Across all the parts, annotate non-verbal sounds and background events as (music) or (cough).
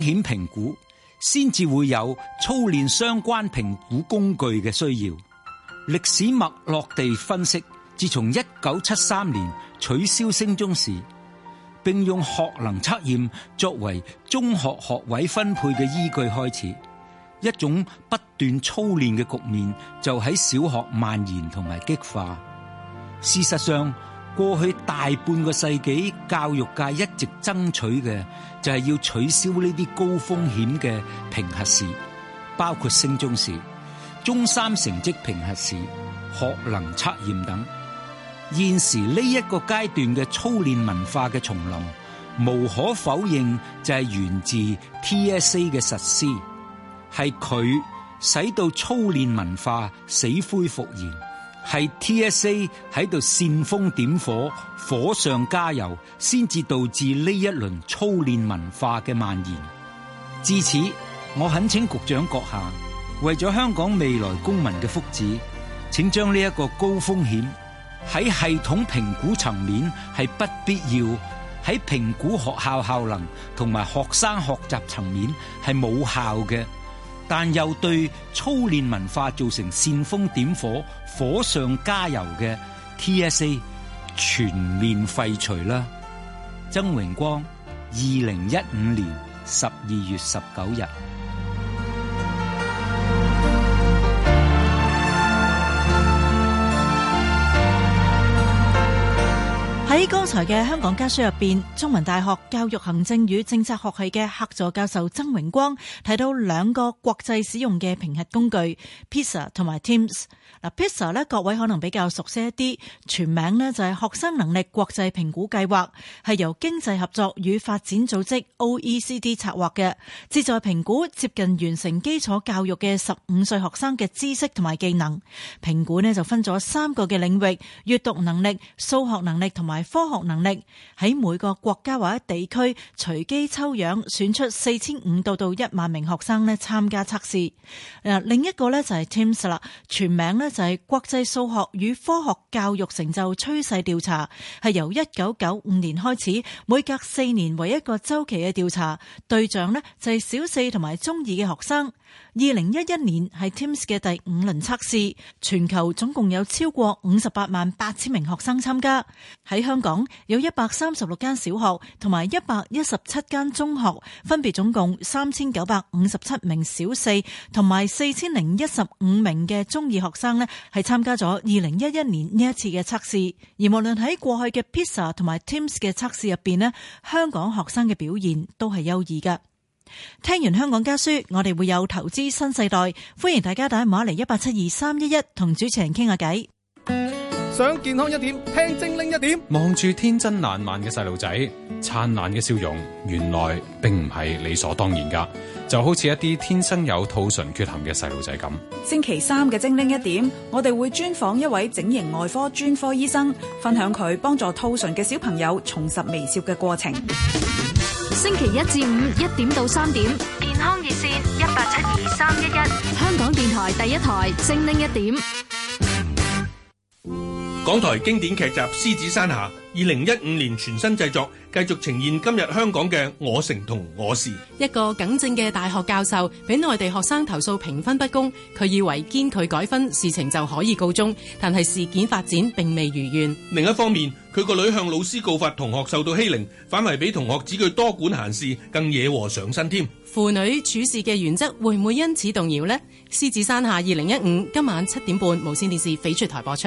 險評估，先至會有操練相關評估工具嘅需要。歷史脈絡地分析，自從一九七三年取消升中時，並用學能測驗作為中學學位分配嘅依據開始，一種不斷操練嘅局面就喺小學蔓延同埋激化。事實上。過去大半個世紀，教育界一直爭取嘅就係要取消呢啲高風險嘅評核試，包括升中試、中三成績評核試、學能測驗等。現時呢一個階段嘅操練文化嘅重臨，無可否認就係源自 TSA 嘅實施，係佢使到操練文化死灰復燃。係 TSA 喺度煽風點火，火上加油，先至導致呢一輪操練文化嘅蔓延。至此，我懇請局長閣下，為咗香港未來公民嘅福祉，請將呢一個高風險喺系統評估層面係不必要，喺評估學校效能同埋學生學習層面係冇效嘅。但又對操練文化造成煽風點火、火上加油嘅 TSA 全面廢除啦！曾榮光，二零一五年十二月十九日。喺剛才嘅香港家書入邊，中文大學教育行政與政策學系嘅客座教授曾榮光提到兩個國際使用嘅評核工具 PISA 同埋 TIMSS 嗱，PISA 咧，各位可能比較熟悉一啲，全名咧就係、是、學生能力國際評估計劃，係由經濟合作與發展組織 OECD 策劃嘅，旨在評估接近完成基礎教育嘅十五歲學生嘅知識同埋技能。評估咧就分咗三個嘅領域：閱讀能力、數學能力同埋。科學能力。喺每個國家或者地區隨機抽樣選出四千五到到一萬名學生呢，參加測試。誒，另一個呢就係 TIMS 啦，全名呢就係、是，國際數學與科學教育成就趨勢調查，係由一九九五年開始，每隔四年為一個周期嘅調查，對象呢就係小四同埋中二嘅學生。二零一一年係 TIMS 嘅第五輪測試，全球總共有超過五十八萬八千名學生參加。喺香港，有一百三十六間小學同埋一百一十七間中學，分別總共三千九百五十七名小四同埋四千零一十五名嘅中二學生呢，係參加咗二零一一年呢一次嘅測試。而無論喺過去嘅 PISA 同埋 TIMS 嘅測試入邊呢，香港學生嘅表現都係優異噶。聽完香港家書，我哋會有投資新世代，歡迎大家打電話嚟一八七二三一一同主持人傾下偈。想健康一點，聽精靈一點，望住天真爛漫嘅細路仔燦爛嘅笑容，原來並唔係理所當然㗎，就好似一啲天生有兔唇缺陷嘅細路仔咁。星期三嘅精靈一點，我哋會專訪一位整形外科專科醫生，分享佢幫助兔唇嘅小朋友重拾微笑嘅過程。星期一至五，一點到三點，健康熱線一八七二三一一，香港電台第一台，精靈一點。港台經典劇集《獅子山下》二零一五年全新製作，繼續呈現今日香港嘅我城同我事。一個耿正嘅大學教授，俾內地學生投訴評分不公，佢以為堅拒改分，事情就可以告終。但係事件發展並未如願。另一方面，佢個女向老師告發同學受到欺凌，反為俾同學指佢多管閒事，更惹禍上身添。父女處事嘅原則會唔會因此動搖呢？《獅子山下》二零一五今晚七點半無線電視翡翠台播出。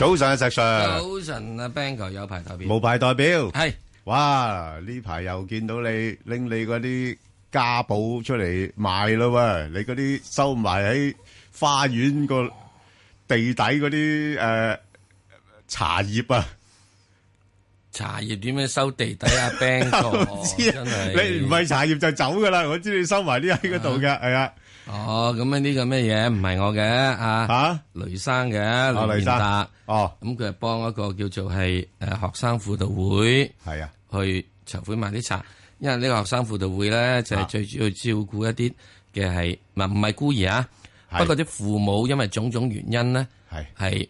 早上啊石 Sir，早晨啊 Bang 哥有排代表，冇排代表，係是哇，呢排又見到你拎你嗰啲家寶出嚟賣咯，你嗰啲收埋喺花園個地底嗰啲誒茶葉啊，茶葉點樣收地底啊 Bang 哥真係，你唔係茶葉就走噶啦，我知你收埋啲喺個度噶係啊。哦，咁啊呢個咩嘢唔係我嘅啊，啊雷生嘅、啊、雷連達哦，咁佢係幫一個叫做係誒學生輔導會，係啊，去籌款買啲茶，因為呢個學生輔導會咧就係、是、最主要照顧一啲嘅係，唔唔係孤兒啊，是不過啲父母因為種種原因咧係係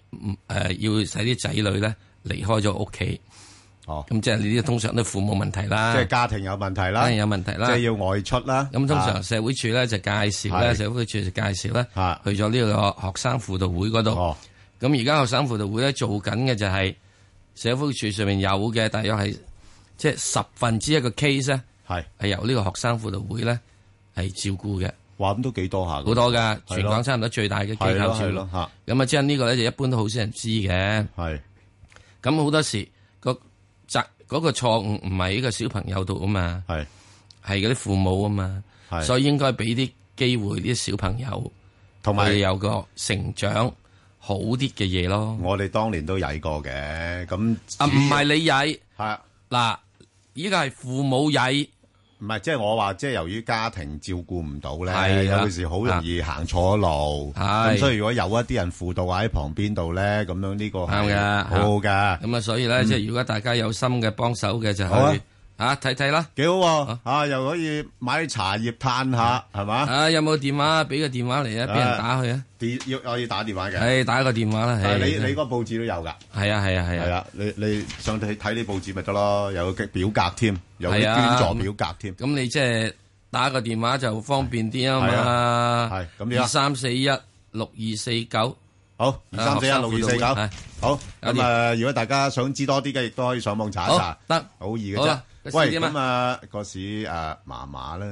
誒要使啲仔女咧離開咗屋企。咁即係你呢個通常都父母問題啦，即係家庭有問題啦，有問題啦，即係要外出啦。咁通常社會處咧就介紹啦，社會處就介紹啦，去咗呢個學生輔導會嗰度。咁而家學生輔導會咧做緊嘅就係社會處上面有嘅，大約係即係十分之一個 case 咧，係係由呢個學生輔導會咧係照顧嘅。哇，咁都幾多下好多噶，全港差唔多最大嘅機構設咯。咁啊，即係呢個咧就一般都好少人知嘅。係咁好多時。嗰個錯誤唔係依個小朋友度啊嘛，係係嗰啲父母啊嘛，是所以應該俾啲機會啲小朋友有，同埋有個成長好啲嘅嘢咯。我哋當年都曳過嘅，咁啊唔係你曳，係嗱依家係父母曳。唔係，即係我話，即係由於家庭照顧唔到咧，的有時好容易行錯路，的所以如果有一啲人輔導啊喺旁邊度咧，咁樣呢個係好㗎。咁啊，好好嗯、所以咧，即係如果大家有心嘅幫手嘅就係、是。吓睇睇啦，幾好喎！啊，又可以買茶葉嘆下，係嘛？啊，有冇電話？俾個電話嚟啊，俾人打去啊！電要可以打電話嘅，誒，打個電話啦。你你個報紙都有噶，係啊係啊係啊，你你上睇睇啲報紙咪得咯，有個表格添，有啲捐助表格添。咁你即係打個電話就方便啲啊嘛。係咁樣，二三四一六二四九，好，二三四一六二四九，好咁啊！如果大家想知多啲嘅，亦都可以上網查一查，得好易嘅啫。喂，咁啊個市誒麻麻啦，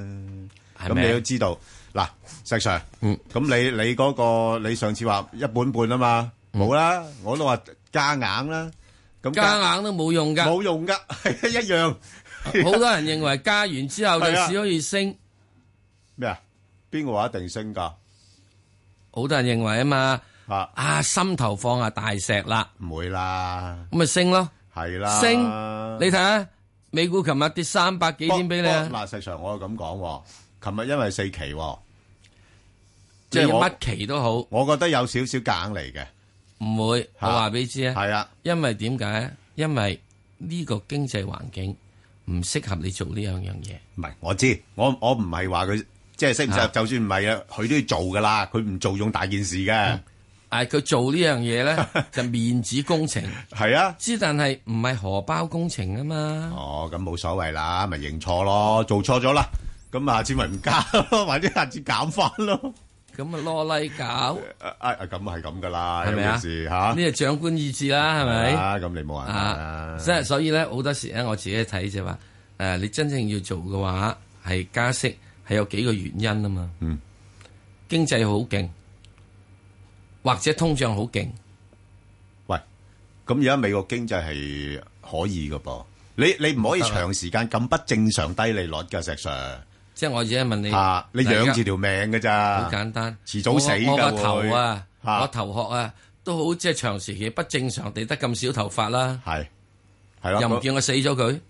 咁你都知道嗱，石 Sir，咁你你嗰個你上次話一半半啊嘛，冇啦，我都話加硬啦，咁加硬都冇用噶，冇用噶，一樣，好多人認為加完之後個市可以升咩啊？邊個話一定升噶？好多人認為啊嘛，啊啊心頭放下大石啦，唔會啦，咁咪升咯，係啦，升，你睇下。美股琴日跌三百幾點俾你？嗱，事實上我係咁講，琴日因為四期，即係乜期都好，我覺得有少少夾硬嚟嘅，唔會我話俾你知啊。係啊因為為，因為點解？因為呢個經濟環境唔適合你做呢兩樣嘢。唔係我知，我我唔係話佢即係適唔適合，啊、就算唔係啊，佢都要做噶啦。佢唔做種大件事嘅。嗯誒，佢做呢樣嘢咧，就面子工程，係啊，之但係唔係荷包工程啊嘛。哦，咁冇所謂啦，咪認錯咯，做錯咗啦，咁下次咪唔加咯，或者下次減翻咯。咁啊，蘿莉搞誒誒，咁係咁噶啦，係咪啊？呢個長官意志啦，係咪？啊，咁你冇辦法啊。即係所以咧，好多時咧，我自己睇就話，誒，你真正要做嘅話，係加息係有幾個原因啊嘛。嗯，經濟好勁。或者通脹好勁，喂，咁而家美國經濟係可以噶噃，你你唔可以長時間咁不正常低利率噶，石 Sir。即係我而家問你，吓、啊、你養住條命嘅咋，好簡單，遲早死噶。我個頭啊，啊我頭殼啊，都好即係長時期不正常地得咁少頭髮啦、啊，係係咯，啊、又唔見我死咗佢。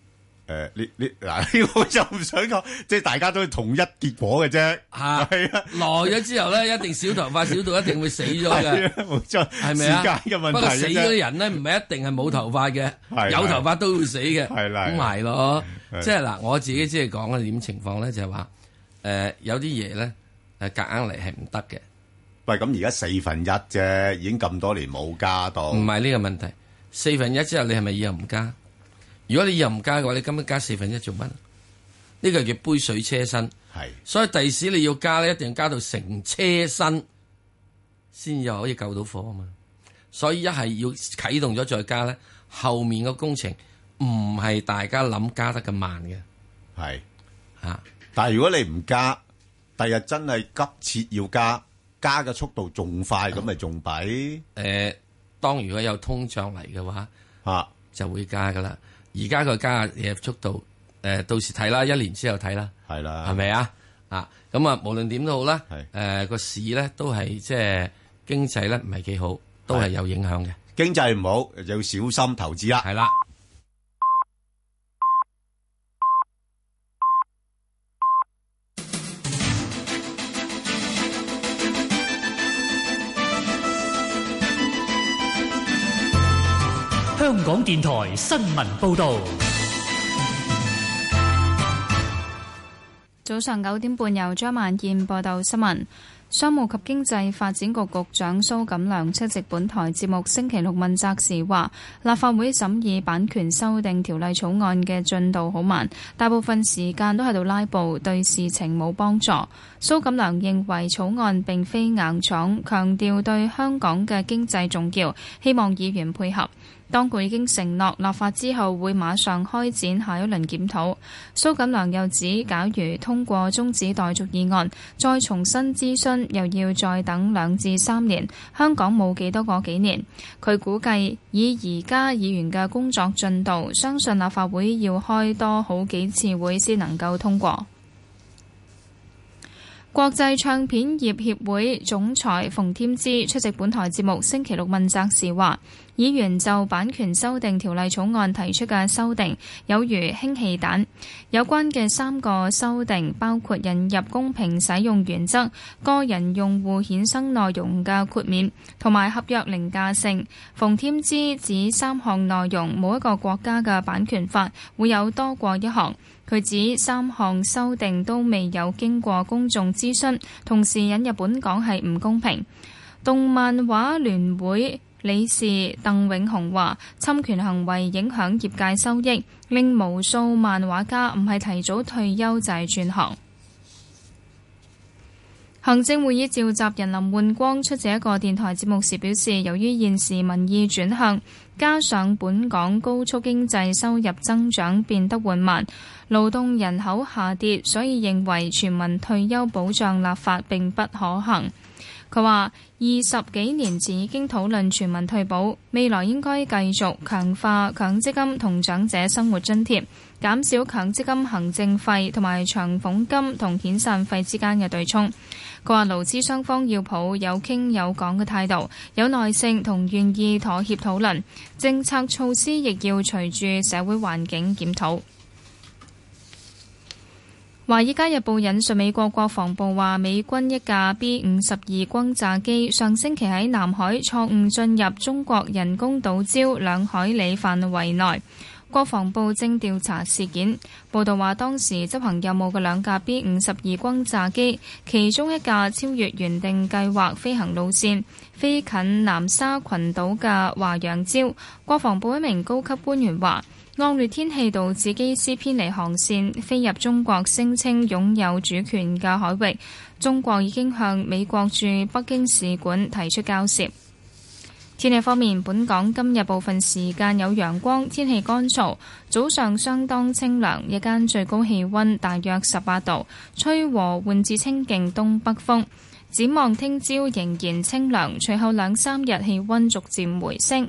誒，你你嗱，我就唔想講，即係大家都係同一結果嘅啫。吓係啊，來咗之後咧，一定少頭髮少到一定會死咗嘅。冇錯，係咪啊？不過死嘅人咧，唔係一定係冇頭髮嘅，有頭髮都會死嘅。係啦，咁係咯，即係嗱，我自己即係講啊點情況咧，就係話，誒，有啲嘢咧，誒，夾硬嚟係唔得嘅。喂，咁而家四分一啫，已經咁多年冇加到。唔係呢個問題，四分一之後你係咪以後唔加？如果你又唔加嘅話，你今日加四分一做乜？呢、這個叫杯水車薪。係是，所以第時你要加咧，一定要加到成車薪先又可以救到火啊嘛。所以一係要啟動咗再加咧，後面嘅工程唔係大家諗加得咁慢嘅。係是，吓、啊。但係如果你唔加，第日真係急切要加，加嘅速度仲快，咁咪仲抵。誒、啊，當如果有通脹嚟嘅話，吓、啊、就會加噶啦。而家個加壓嘢速度，誒到時睇啦，一年之後睇啦，係啦的，係咪啊？啊，咁啊，無論點的、呃、都好啦，誒個市咧都係即係經濟咧唔係幾好，都係有影響嘅。經濟唔好，就要小心投資啦。係啦。香港電台新聞報道，早上九點半由張萬燕報道新聞。商務及經濟發展局局長蘇錦良出席本台節目《星期六問責》時，話立法會審議版權修訂條例草案嘅進度好慢，大部分時間都喺度拉布，對事情冇幫助。蘇錦良認為草案並非硬闖，強調對香港嘅經濟重要，希望議員配合。當局已經承諾立法之後會馬上開展下一輪檢討。蘇錦良又指，假如通過終止待續議案，再重新諮詢又要再等兩至三年。香港冇幾多個幾年，佢估計以而家議員嘅工作進度，相信立法會要開多好幾次會先能夠通過。國際唱片業協會總裁馮添枝出席本台節目星期六問責時話，議員就版權修訂條例草案提出嘅修訂有如氫氣彈。有關嘅三個修訂包括引入公平使用原則、個人用戶衍生內容嘅豁免同埋合約凌駕性。馮添枝指三項內容，每一個國家嘅版權法會有多過一項。佢指三項修訂都未有經過公眾諮詢，同時引入本港係唔公平。動漫畫聯會理事鄧永雄話，侵權行為影響業界收益，令無數漫畫家唔係提早退休就係轉行。行政會議召集人林煥光出席一個電台節目時表示，由於現時民意轉向，加上本港高速經濟收入增長變得緩慢，勞動人口下跌，所以認為全民退休保障立法並不可行。佢話：二十幾年前已經討論全民退保，未來應該繼續強化強積金同長者生活津貼，貼，減少強積金行政費同埋長俸金同遣散費之間嘅對沖。佢話勞資雙方要抱有傾有講嘅態度，有耐性同願意妥協討論政策措施，亦要隨住社會環境檢討。《華爾街日報》引述美國國防部話，美軍一架 B 五十二轟炸機上星期喺南海錯誤進入中國人工島礁兩海里範圍內，國防部正調查事件。報道話，當時執行任務嘅兩架 B 五十二轟炸機，其中一架超越原定計劃飛行路線，飛近南沙群島嘅華陽礁。國防部一名高級官員話。惡劣天氣導致機師偏離航線，飛入中國聲稱擁有主權嘅海域。中國已經向美國駐北京使館提出交涉。天氣方面，本港今日部分時間有陽光，天氣乾燥，早上相當清涼，日間最高氣温大約十八度，吹和緩至清勁東北風。展望聽朝仍然清涼，隨後兩三日氣温逐漸回升。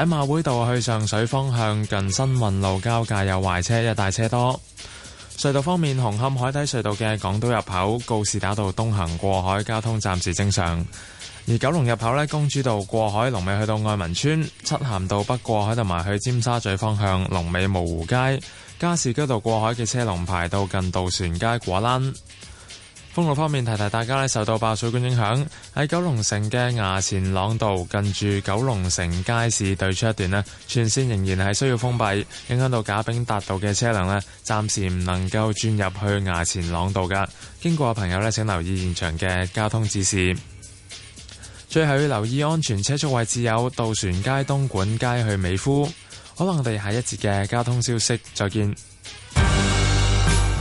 喺馬會道去上水方向近新運路交界有壞車，一帶車多。隧道方面，紅磡海底隧道嘅港島入口告士打道東行過海交通暫時正常，而九龍入口咧，公主道過海龍尾去到愛民村，漆咸道北過海同埋去尖沙咀方向龍尾蕪湖街，加士居道過海嘅車龍排到近渡船街果欄。公路方面，提提大家咧，受到爆水管影響，喺九龍城嘅衙前朗道近住九龍城街市對出一段咧，全線仍然係需要封閉，影響到賈炳達道嘅車輛咧，暫時唔能夠轉入去衙前朗道噶。經過嘅朋友咧，請留意現場嘅交通指示。最後要留意安全車速位置有渡船街、東莞街去美孚。可能我哋下一節嘅交通消息，再見。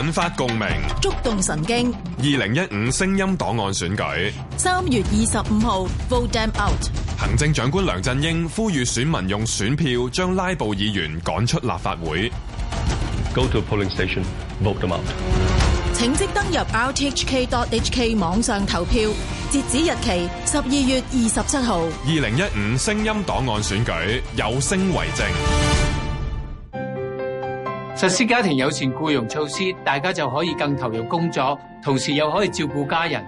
引發共鳴，觸動神經。二零一五聲音檔案選舉，三月二十五號，vote them out。行政長官梁振英呼籲選民用選票將拉布議員趕出立法會。Go to polling station, vote them out。請即登入 rthk.hk 網上投票，截止日期十二月二十七號。二零一五聲音檔案選舉，有聲為證。實施家庭友善僱傭措施，大家就可以更投入工作，同時又可以照顧家人。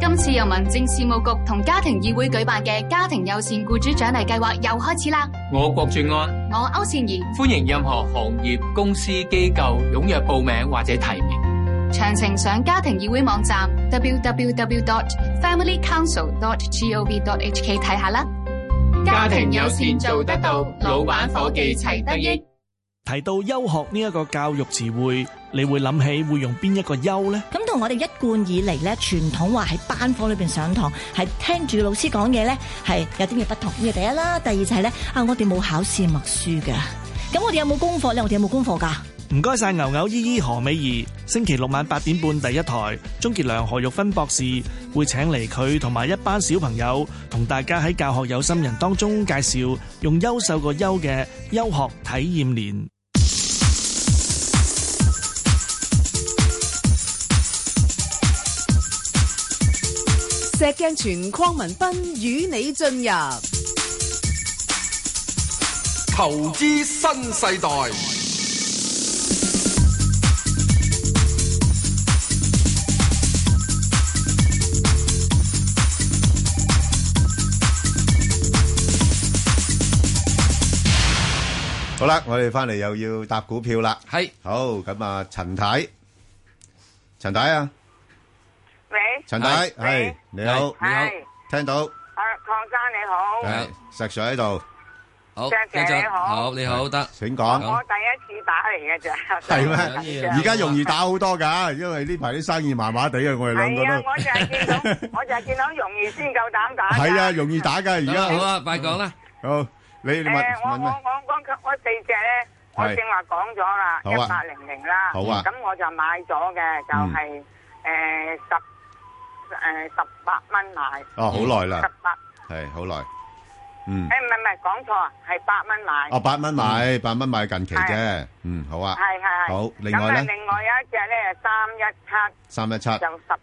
今次由民政事務局同家庭議會舉辦嘅家庭友善僱主獎勵計劃又開始啦！我郭晉安，我歐倩怡，歡迎任何行業、公司、機構踴躍報名或者提名。詳情上家庭議會網站 www.familycouncil.gov.hk 睇下啦。家庭友善，家庭友善做得到，老闆伙計齊得益。提到優學呢一個教育詞彙，你會諗起會用邊一個優咧？咁同我哋一貫以嚟咧，傳統話喺班房裏邊上堂係聽住老師講嘢咧，係有啲嘢不同。呢個第一啦，第二就係咧啊，我哋冇考試默書嘅。咁我哋有冇功課咧？我哋有冇功課噶？唔該晒牛牛姨姨何美兒。星期六晚八點半第一台，鍾杰良、何玉芬博士會請嚟佢同埋一班小朋友，同大家喺教學有心人當中介紹用優秀個優嘅優學體驗年。石鏡泉鄺民彬與你進入投資新世代。好啦，我哋翻嚟又要搭股票啦。係好，咁啊，陳太，陳太啊。陳太係，你好，你好，聽到。阿鄺生你好，係石水喺度。好，張姐好，你好，得，請講。我第一次打嚟嘅咋，係咩？而家容易打好多噶因為呢排啲生意麻麻地啊，我哋兩個都。係啊，我就係見到，我就係見到容易先夠膽打。係啊，容易打噶而家好啊，快講啦。好，你你問問。我我我我四隻咧，我正話講咗啦，一八零零啦，咁我就買咗嘅，就係誒十。誒，十八蚊買哦，好耐啦，十八係好耐，嗯誒，唔係唔係，講錯啊，係八蚊買哦，八蚊買八蚊買近期啫，嗯，好啊，係係好。另外咧，另外有一隻咧，三一七，三一七就十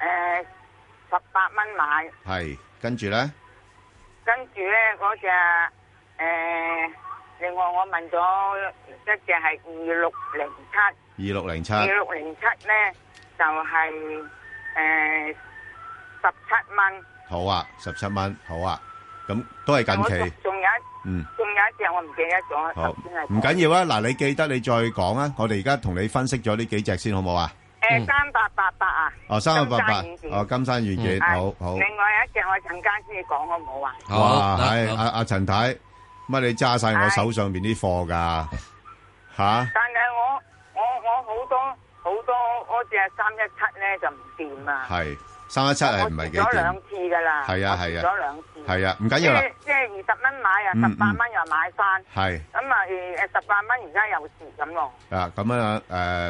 誒十八蚊買，係跟住咧，跟住咧嗰隻誒，另外我問咗一隻係二六零七，二六零七，二六零七咧就係。誒，十七蚊，好啊，十七蚊，好啊，咁都係近期。仲有一，嗯，仲有一隻我唔記得咗，十點係。唔緊要啊，嗱，你記得你再講啊，我哋而家同你分析咗呢幾隻先好唔好啊？誒，三八八八啊，哦，三八八八，哦，金山軟件，好好。另外有一隻我陣間先講好唔好啊？哇，係阿阿陳太，乜你揸晒我手上邊啲貨噶？吓？但係我我我好多。好多我只係三一七咧就唔掂啊！係三一七係唔係幾掂？跌咗兩次噶啦，係啊係啊，跌咗兩次。係啊，唔緊要啦。即係二十蚊買啊，十八蚊又買翻。係咁啊，誒十八蚊而家又蝕咁咯。啊，咁啊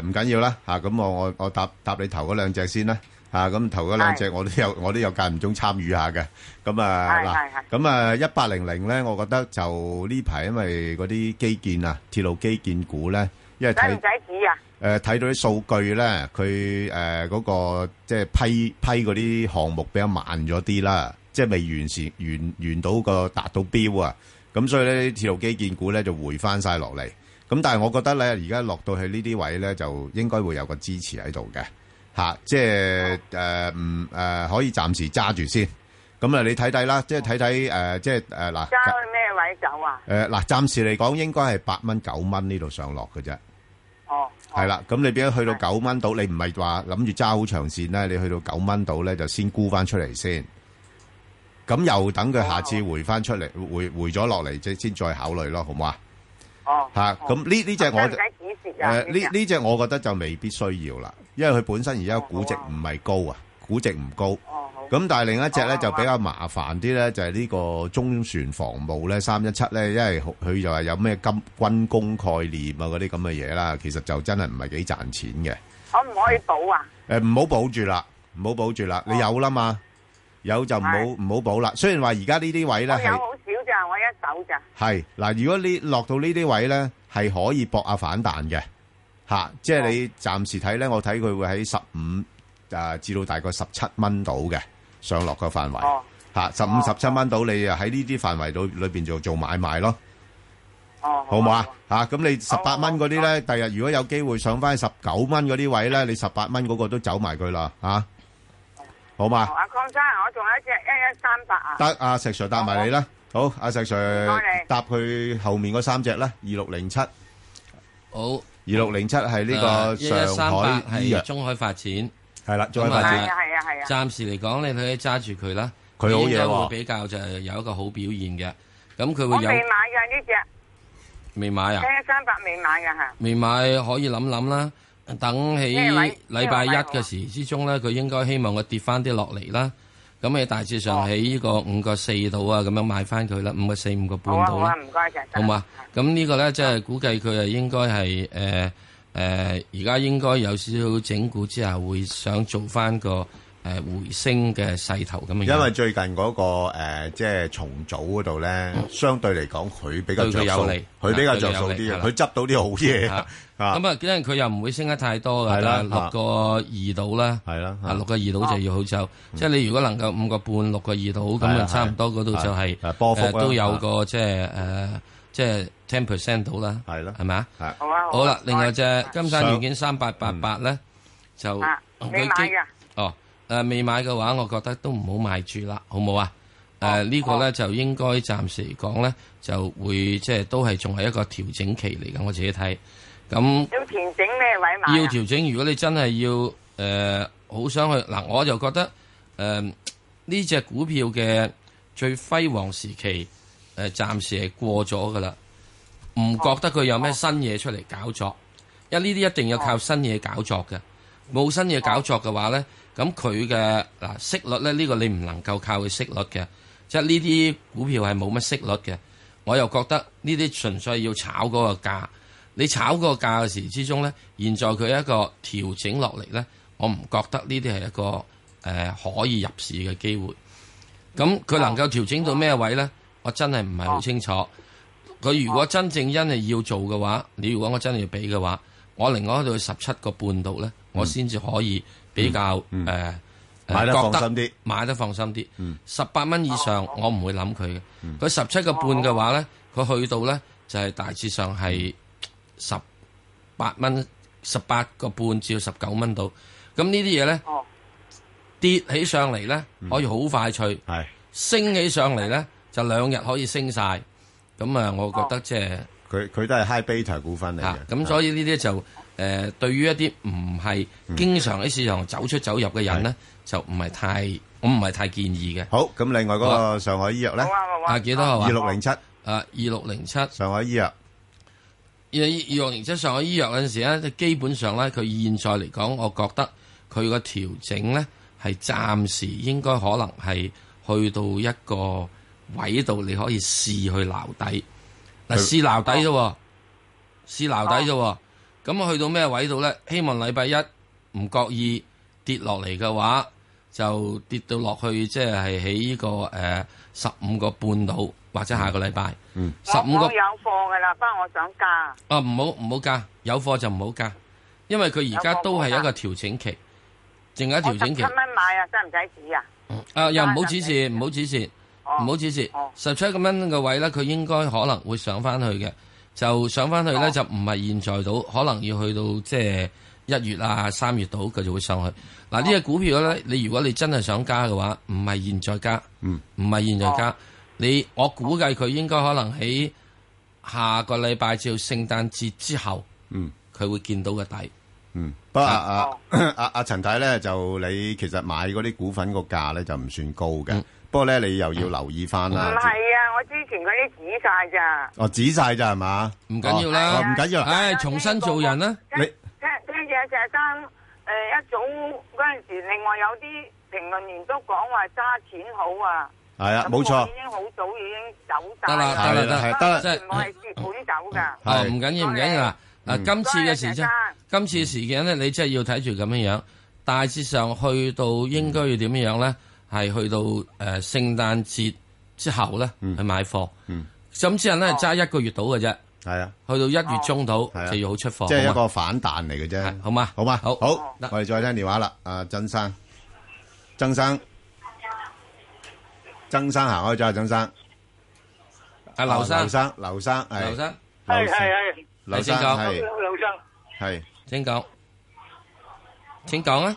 誒唔緊要啦吓，咁我我我搭搭你頭嗰兩隻先啦吓，咁頭嗰兩隻我都有我都有間唔中參與下嘅。咁啊係係係，咁啊一八零零咧，我覺得就呢排因為嗰啲基建啊，鐵路基建股咧，因為睇唔使止啊！誒，睇、呃、到啲數據咧，佢誒嗰個即係批批嗰啲項目比較慢咗啲啦，即係未完成完完到個達到標啊，咁所以咧鐵路基建股咧就回翻晒落嚟。咁但係我覺得咧，而家落到去呢啲位咧，就應該會有個支持喺度嘅，嚇、啊，即係誒唔誒可以暫時揸住先。咁啊，你睇睇啦，即係睇睇誒，即係誒嗱。揸去咩位走啊？誒、呃、嗱、呃，暫時嚟講應該係八蚊九蚊呢度上落嘅啫。哦。係啦，咁、哦、你點解去到九蚊度？你唔係話諗住揸好長線咧？你去到九蚊度咧，就先沽翻出嚟先。咁又等佢下次回翻出嚟，回回咗落嚟即先再考慮咯，好唔好、哦、啊？哦，吓那，咁呢呢隻我誒呢呢隻我覺得就未必需要啦，因為佢本身而家估值唔係高啊，哦哦、估值唔高。哦哦咁但係另一隻咧就比較麻煩啲咧，就係呢個中船防務咧三一七咧，因為佢就話有咩金軍工概念啊嗰啲咁嘅嘢啦，其實就真係唔係幾賺錢嘅。可唔可以保啊？誒、欸，唔好保住啦，唔好保住啦，哦、你有啦嘛，有就唔好唔好保啦。雖然話而家呢啲位咧係有好少咋，我一走咋。係嗱，如果你落到呢啲位咧，係可以搏下反彈嘅嚇、啊，即係你暫時睇咧，我睇佢會喺十五啊至到大概十七蚊度嘅。上落嘅範圍，嚇十五十七蚊到，你啊喺呢啲範圍度裏邊做做買賣咯，好唔好啊？嚇咁你十八蚊嗰啲咧，第日如果有機會上翻十九蚊嗰啲位咧，你十八蚊嗰個都走埋佢啦，嚇好嘛？阿康生，我仲有一隻一一三八啊，得阿石 sir 答埋你啦，好阿石 sir，答佢後面嗰三隻啦，二六零七，好二六零七係呢個上海醫藥、中海發展。係啦，再發展。暫時嚟講，你可以揸住佢啦。佢好嘢喎，會比較就有一個好表現嘅。咁佢會有，未買嘅呢隻，未買啊？聽三百未買嘅吓。未、啊、買可以諗諗啦，等喺禮拜一嘅時之中咧，佢應該希望我跌翻啲落嚟啦。咁你大致上喺呢個五個四度啊，咁樣買翻佢啦，五吧、嗯、個四五個半度啦。好唔該嘅。好、呃、嘛，咁呢個咧即係估計佢係應該係誒。誒而家應該有少少整固之下，會想做翻個誒回升嘅勢頭咁嘅樣。因為最近嗰個誒即係重組嗰度咧，相對嚟講佢比較有利，佢比較著數啲嘅，佢執到啲好嘢。咁啊，因為佢又唔會升得太多嘅，係啦，六個二度啦，係啦，啊六個二度就要好走。即係你如果能夠五個半、六個二度咁啊，差唔多嗰度就係波幅都有個即係誒即係。ten percent 到啦，係咯，係咪啊？好啊，好啦。另外隻金山軟件三八八八咧，就哦、嗯？誒未、啊、買嘅話，我覺得都唔好買住啦，好冇、哦、啊？誒、這、呢個咧就應該暫時嚟講咧，就會即係都係仲係一個調整期嚟㗎。我自己睇咁要調整咩位買？要調整，如果你真係要誒好、呃、想去嗱、啊，我就覺得誒呢隻股票嘅最輝煌時期誒，暫時係過咗㗎啦。唔覺得佢有咩新嘢出嚟搞作，因為呢啲一定要靠新嘢搞作嘅，冇新嘢搞作嘅話呢，咁佢嘅嗱息率呢，呢、呢個你唔能夠靠佢息率嘅，即係呢啲股票係冇乜息率嘅。我又覺得呢啲純粹要炒嗰個價，你炒個價嘅時之中呢，現在佢一個調整落嚟呢，我唔覺得呢啲係一個誒、呃、可以入市嘅機會。咁佢能夠調整到咩位呢？我真係唔係好清楚。佢如果真正因係要做嘅話，你如果我真係要俾嘅話，我另外去到十七個半度呢，嗯、我先至可以比較誒覺得買得放心啲，買得放心啲。十八蚊以上我唔會諗佢嘅。佢十七個半嘅話呢，佢去到呢就係、是、大致上係十八蚊、十八個半至十九蚊度。咁呢啲嘢呢，跌起上嚟呢，可以好快脆，嗯、升起上嚟呢就兩日可以升晒。咁啊，我覺得即係佢佢都係 high beta 股份嚟嘅。咁、啊、所以呢啲就誒是、呃，對於一啲唔係經常喺市場走出走入嘅人呢，是就唔係太我唔係太建議嘅。好，咁另外嗰個上海醫藥呢，啊幾多號啊？二六零七啊，二六零七，上海醫藥。二六零七，上海醫藥嗰陣時呢，基本上呢，佢現在嚟講，我覺得佢個調整呢，係暫時應該可能係去到一個。位度你可以試去撈底，嗱試撈底啫，試撈底啫，咁、哦、去到咩位度咧？希望禮拜一唔覺意跌落嚟嘅話，就跌到落去、這個，即係喺呢個誒十五個半度，或者下個禮拜十五個有貨噶啦，不過我想加。啊，唔好唔好加，有貨就唔好加，因為佢而家都係一個調整期，淨係調整期。七蚊買啊，使唔使止啊？啊，又唔好止蝕，唔好止蝕。唔好指示，十七個蚊嘅位咧，佢應該可能會上翻去嘅，就上翻去咧就唔係現在到，可能要去到即係一月啊、三月到，佢就會上去。嗱、啊，呢隻股票咧，你如果你真係想加嘅話，唔係現在加，唔係、嗯、現在加，嗯、你我估計佢應該可能喺下個禮拜至聖誕節之後，佢會見到個底嗯。嗯，不過阿阿阿阿陳太咧，就你其實你買嗰啲股份個價咧就唔算高嘅。嗯不過咧，你又要留意翻啦。唔係啊，我之前嗰啲止曬咋。哦，止曬咋係嘛？唔緊要啦，唔緊要。唉，重新做人啦。你聽聽住啊，謝生誒，一早嗰陣時，另外有啲評論員都講話揸錢好啊。係啊，冇錯。已經好早已經走走。得啦，得啦，得啦，即係我係接盤走㗎。係唔緊要，唔緊要。嗱，今次嘅事真，今次嘅事件咧，你真係要睇住咁樣樣，大致上去到應該要點樣咧？係去到誒聖誕節之後咧，去買貨，咁啲人咧揸一個月到嘅啫，係啊，去到一月中到就要好出貨，即係一個反彈嚟嘅啫，好嘛？好嘛？好好，我哋再聽電話啦。阿曾生，曾生，曾生行開咗。阿曾生，阿劉生，劉生，劉生，係，係係係，劉生，係，劉生，係，請講，請講啊！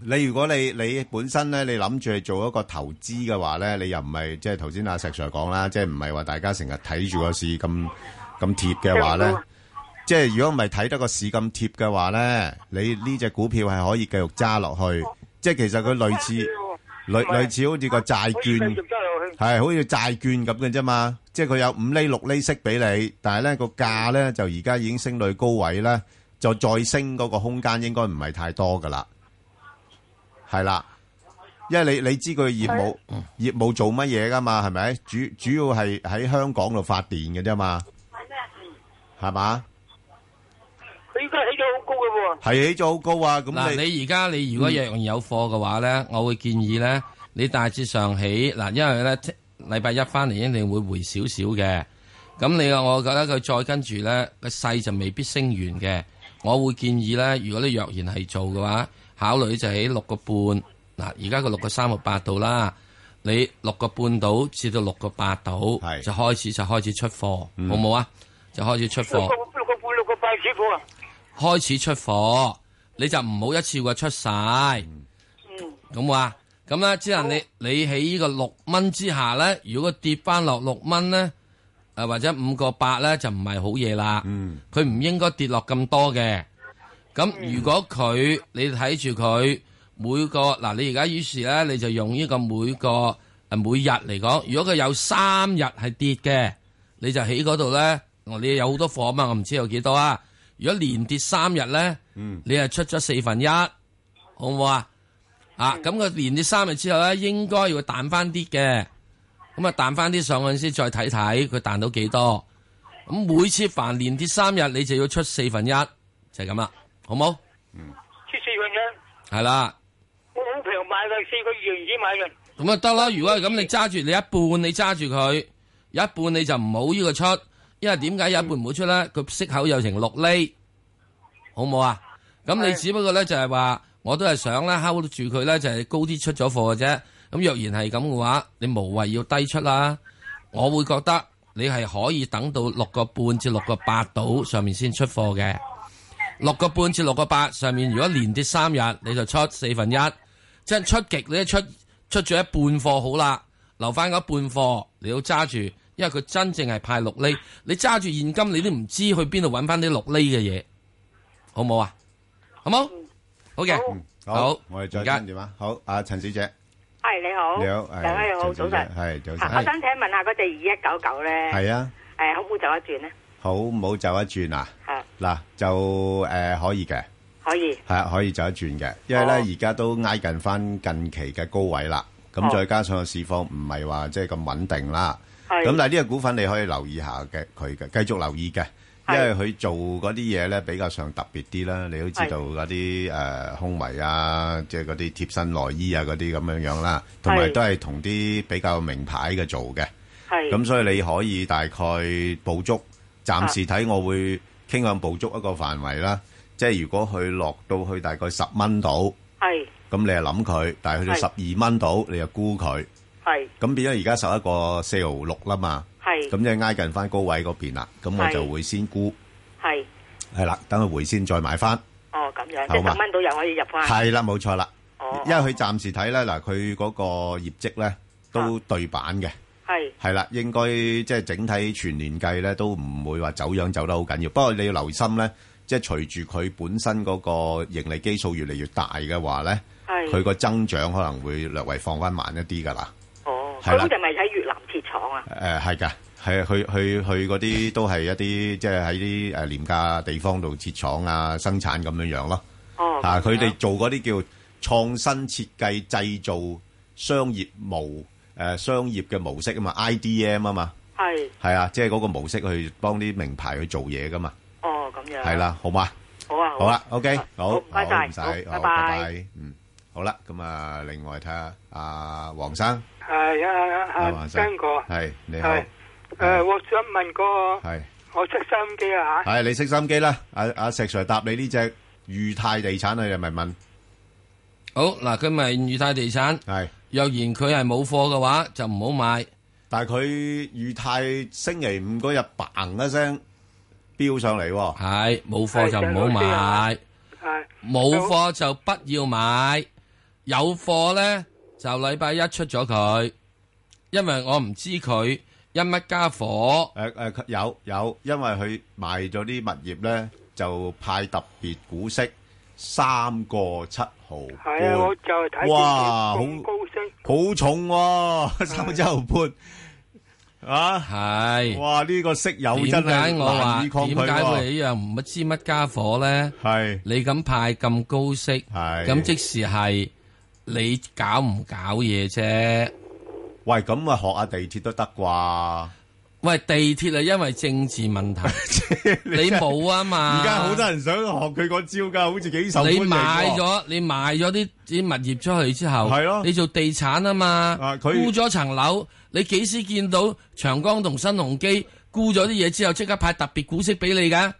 你如果你你本身咧，你諗住係做一個投資嘅話咧，你又唔係，即係頭先阿石 Sir 講啦，即係唔係話大家成日睇住個市咁咁貼嘅話咧，即係如果唔係睇得個市咁貼嘅話咧，你呢隻股票係可以繼續揸落去。即係其實佢類似類似是類似好似個債券，係好似債券咁嘅啫嘛。即係佢有五厘六厘息俾你，但係咧個價咧就而家已經升到高位咧，就再升嗰個空間應該唔係太多噶啦。係啦，因為你你知佢業務、啊、業務做乜嘢噶嘛，係咪？主主要係喺香港度發電嘅啫嘛，係咩？係嘛吧？佢依家起咗好高嘅喎、啊，係起咗好高啊！咁嗱、啊，你而家你如果若然有貨嘅話咧、嗯，我會建議咧，你大致上起嗱，因為咧禮拜一翻嚟一定會回少少嘅。咁你話，我覺得佢再跟住咧，個勢就未必升完嘅。我會建議咧，如果你若然係做嘅話。考慮就喺六個半嗱，而家個六個三個八度啦，你六個半到至到六個八度就開始就開始出貨，好唔好啊？就開始出貨、嗯。六個半六個八始開始出貨，你就唔好一次過出晒。嗯，咁啊，咁咧，只能你好你喺呢個六蚊之下咧，如果跌翻落六蚊咧，誒或者五個八咧就唔係好嘢啦。嗯，佢唔應該跌落咁多嘅。咁、嗯、如果佢你睇住佢每個嗱、啊，你而家於是咧，你就用呢個每個誒、啊、每日嚟講，如果佢有三日係跌嘅，你就起嗰度咧，我你有好多貨啊嘛，我唔知有幾多啊。如果連跌三日咧，嗯、你係出咗四分一，好唔好、嗯、啊？啊，咁佢連跌三日之後咧，應該要彈翻啲嘅，咁啊彈翻啲上去先再睇睇佢彈到幾多。咁每次凡連跌三日，你就要出四分一，就係咁啦。好冇？嗯，出四個人、啊。係啦，我好平買嘅，四個月已經買嘅。咁啊得啦，如果係咁，你揸住你一半你，你揸住佢，有一半你就唔好呢個出，因為點解有一半唔會出咧？佢、嗯、息口有成六厘，好冇啊？咁你只不過咧就係話，是我都係想咧 hold 住佢咧，就係高啲出咗貨嘅啫。咁若然係咁嘅話，你無謂要低出啦。我會覺得你係可以等到六個半至六個八度上面先出貨嘅。六個半至六個八上面，如果連跌三日，你就出四分一，即係出極你一出出咗一半貨好啦，留翻嗰一半貨，你要揸住，因為佢真正係派六厘，你揸住現金，你都唔知去邊度揾翻啲六厘嘅嘢，好唔好啊？好冇？好嘅，好，我哋再跟住嘛。好，阿陳小姐，係你好，你好，大家好，早晨，係早晨。我想請問下個隻二一九九咧，係啊，誒，好唔好走一轉咧？好唔好走一轉啊？嗱，就誒可以嘅，可以係可以就、啊、走一轉嘅，因為咧，而家都挨近翻近期嘅高位啦。咁再加上個市況唔係話即係咁穩定啦。咁是但係呢個股份你可以留意下嘅，佢嘅繼續留意嘅，因為佢做嗰啲嘢咧，比較上特別啲啦。你都知道嗰啲誒胸圍啊，即係嗰啲貼身內衣啊，嗰啲咁樣樣啦，同埋都係同啲比較名牌嘅做嘅。係咁是，所以你可以大概捕捉，暫時睇我會是。啊傾向捕捉一個範圍啦，即係如果佢落到去大概十蚊到，係，咁你就諗佢，但係去到十二蚊到，你又估佢，係，咁變咗而家十一個四毫六啦嘛，係，咁即係挨近翻高位嗰邊啦，咁我就會先估，係，係啦，等佢回先再買翻，哦，咁樣，即係十蚊到又可以入翻，係啦，冇錯啦，哦，因為佢暫時睇咧，嗱，佢嗰個業績咧都對版嘅。係係啦，應該即係整體全年計咧，都唔會話走樣走得好緊要。不過你要留心咧，即係隨住佢本身嗰個盈利基數越嚟越大嘅話咧，佢個的增長可能會略為放翻慢一啲噶啦。哦，係啦的，佢嗰啲係咪喺越南設廠啊？誒、呃，係噶，係去去去嗰啲都係一啲即係喺啲誒廉價地方度設廠啊，生產咁樣樣咯。哦，吓、啊，佢哋的做嗰啲叫創新設計製造商業務。誒，商業嘅模式啊嘛，IDM 啊嘛，係係啊，即係嗰個模式去幫啲名牌去做嘢噶嘛。哦，咁樣係啦，好嘛，好啊，好啊，OK，好，多謝，唔該，好，拜拜，嗯，好啦，咁啊，另外睇下阿黃生，係啊，黃生哥，係你好，誒，我想問嗰個，係，我識收音機啊吓，係你識收音機啦，阿阿石 Sir 答你呢隻裕泰地產啊，係咪問？好，嗱，今日裕泰地產，係。若然佢係冇貨嘅話，就唔好買。但係佢預泰星期五嗰日，嘭一聲飆上嚟。哦，係冇貨就唔好買，冇貨就不要買。有貨咧，就禮拜一出咗佢，因為我唔知佢因乜家伙。誒誒，哎哎，有有，因為佢賣咗啲物業咧，就派特別股息。三個七號，係啊，我就係睇地鐵好高息，好重，三個七號半，啊，係，哇，呢個息又真係我話點解會呢樣唔乜知乜家伙咧？係，你咁派咁高息，係，咁即係係你搞唔搞嘢啫？喂，咁啊，學下地鐵都得啩？喂，地鐵係因為政治問題， (laughs) 你冇的啊嘛。而家好多人想學佢個招㗎，好似幾手。你買咗，你買咗啲啲物業出去之後，係咯的，你做地產啊嘛，佢、啊、沽咗層樓，你幾時見到長江同新鴻基沽咗啲嘢之後，即刻派特別股息俾你㗎？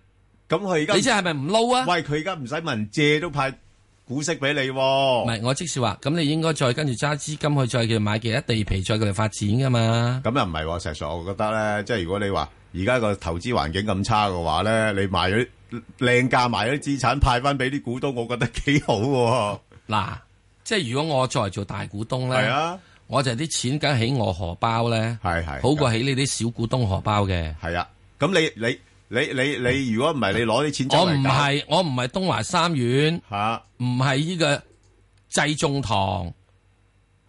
咁佢而家你知係咪唔撈啊？喂，佢而家唔使問借都派。股息俾你喎、啊，唔係，我即是話，咁你應該再跟住揸資金去再叫買其他地皮，再叫佢哋發展㗎嘛？咁又唔係喎，石叔，我覺得咧，即係如果你話而家個投資環境咁差嘅話咧，你賣咗靚價賣咗啲資產派翻俾啲股東，我覺得幾好喎、啊。嗱，即係如果我再做大股東咧，啊、我就啲錢梗起我荷包咧，係係、啊啊、好過起呢啲小股東荷包嘅。係啊，咁你你。你你你你你如果唔係你攞啲錢我，我唔係我唔係東華三院，唔係呢個濟眾堂，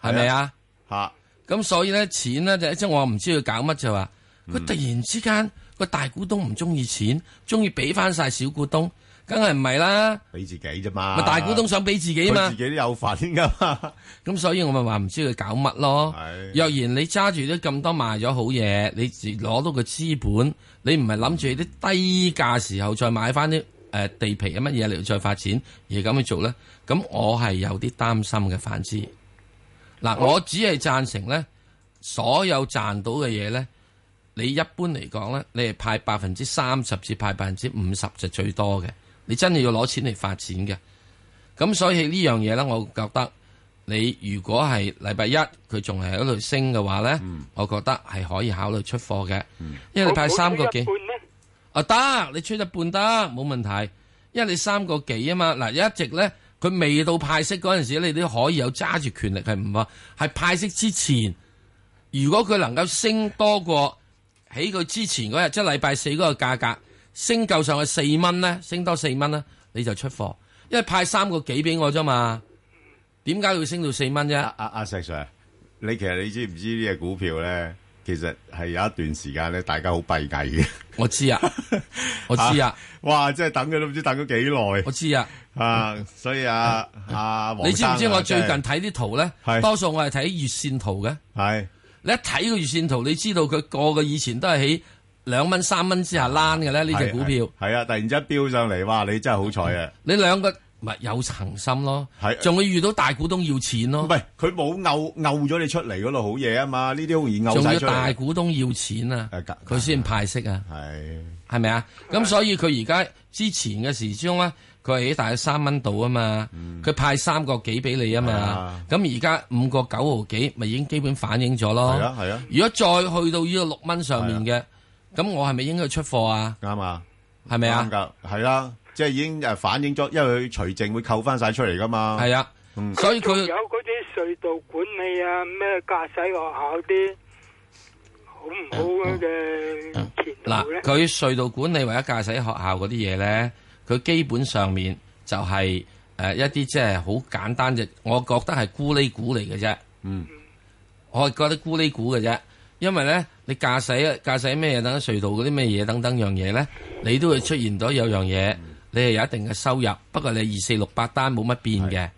係咪啊？吓咁吧、啊、所以咧，錢咧就即係我唔知佢搞乜就話，佢突然之間、嗯、個大股東唔中意錢，中意俾翻晒小股東。梗係唔係啦，俾自己啫嘛。咪大股東想俾自己嘛，佢自己都有份噶嘛。咁 (laughs) 所以我咪話唔知佢搞乜咯。的若然你揸住咗咁多賣咗好嘢，你自攞到個資本，你唔係諗住啲低價時候再買翻啲誒地皮啊乜嘢嚟再發展而咁去做呢？咁我係有啲擔心嘅。反之，嗱我只係贊成呢所有賺到嘅嘢呢，你一般嚟講呢，你係派百分之三十至派百分之五十就是、最多嘅。你真係要攞錢嚟發展嘅，咁所以呢樣嘢呢，我覺得你如果係禮拜一佢仲係喺度升嘅話呢，嗯、我覺得係可以考慮出貨嘅，嗯、因為你派三個幾啊得，你出一半得冇問題，因為你三個幾啊嘛嗱，一直呢，佢未到派息嗰陣時，你都可以有揸住權力係唔話，係派息之前，如果佢能夠升多過喺佢之前嗰日，即係禮拜四嗰個價格。升夠上去四蚊咧，升多四蚊咧，你就出貨，因為派三個幾俾我啫嘛。點解會升到四蚊啫？阿阿石 Sir，你其實你知唔知呢隻股票咧，其實係有一段時間咧，大家好閉翳嘅。我知啊，我知啊，啊，哇，即係等佢都唔知等咗幾耐。我知啊，啊，所以啊 (laughs) 啊，王啊，你知唔知我最近睇啲是圖咧？是多數我係睇月線圖嘅。係是你一睇個月線圖，你知道佢個個以前都係喺。兩蚊三蚊之下攣嘅咧，呢隻股票係啊！突然之間飆上嚟，哇！你真係好彩啊！你兩個咪有恆心咯，仲會遇到大股東要錢咯。唔係佢冇勾勾咗你出嚟嗰度好嘢啊嘛！呢啲好易勾曬出嚟。仲要大股東要錢啊！佢先派息啊！係係咪啊？咁所以佢而家之前嘅時鐘咧，佢係大約三蚊度啊嘛，佢派三個幾俾你啊嘛。咁而家五個九毫幾，咪已經基本反映咗咯。係啊係啊！如果再去到呢個六蚊上面嘅。咁我係咪應該出貨啊？啱啊，係咪啊？啱噶，係啦、啊，即係已經誒反映咗，因為佢除淨會扣翻晒出嚟噶嘛。係啊，嗯、所以佢有嗰啲隧道管理啊，咩駕駛學校啲好唔好嘅嗱，佢、嗯嗯嗯嗯啊、隧道管理或者駕駛學校嗰啲嘢咧，佢基本上面就係、是、誒、呃、一啲即係好簡單嘅，我覺得係咕喱股嚟嘅啫。嗯，嗯我係覺得咕喱股嘅啫，因為咧。你駕駛啊，駕駛咩嘢等等隧道嗰啲咩嘢等等樣嘢咧，你都會出現到有樣嘢，你係有一定嘅收入，不過你二四六八單冇乜變嘅，的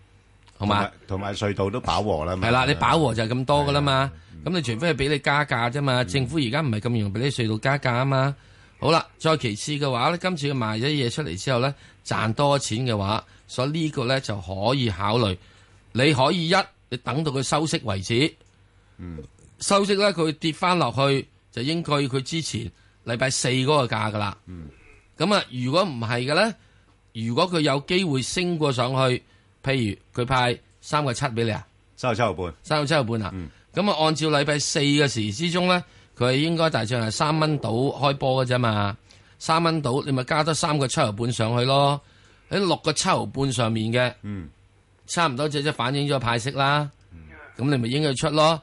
好嘛吧？同埋隧道都飽和啦，係啦，你飽和就係咁多噶啦嘛，咁的你除非係俾你加價啫嘛，嗯、政府而家唔係咁容易俾啲隧道加價啊嘛。好啦，再其次嘅話咧，你今次賣咗嘢出嚟之後咧，賺多錢嘅話，所以個呢個咧就可以考慮，你可以一你等到佢收息為止，嗯。收息咧，佢跌翻落去就應該佢之前禮拜四嗰個價噶啦。咁啊、嗯，如果唔係嘅咧，如果佢有機會升過上去，譬如佢派三個七俾你啊，三個七毫半，三個七毫半啊。咁啊、嗯嗯嗯，按照禮拜四嘅時之中咧，佢應該大致上係三蚊到開波嘅啫嘛。三蚊到，你咪加多三個七毫半上去咯。喺六個七毫半上面嘅，嗯、差唔多即係反映咗派息啦。咁、嗯、你咪應該出咯。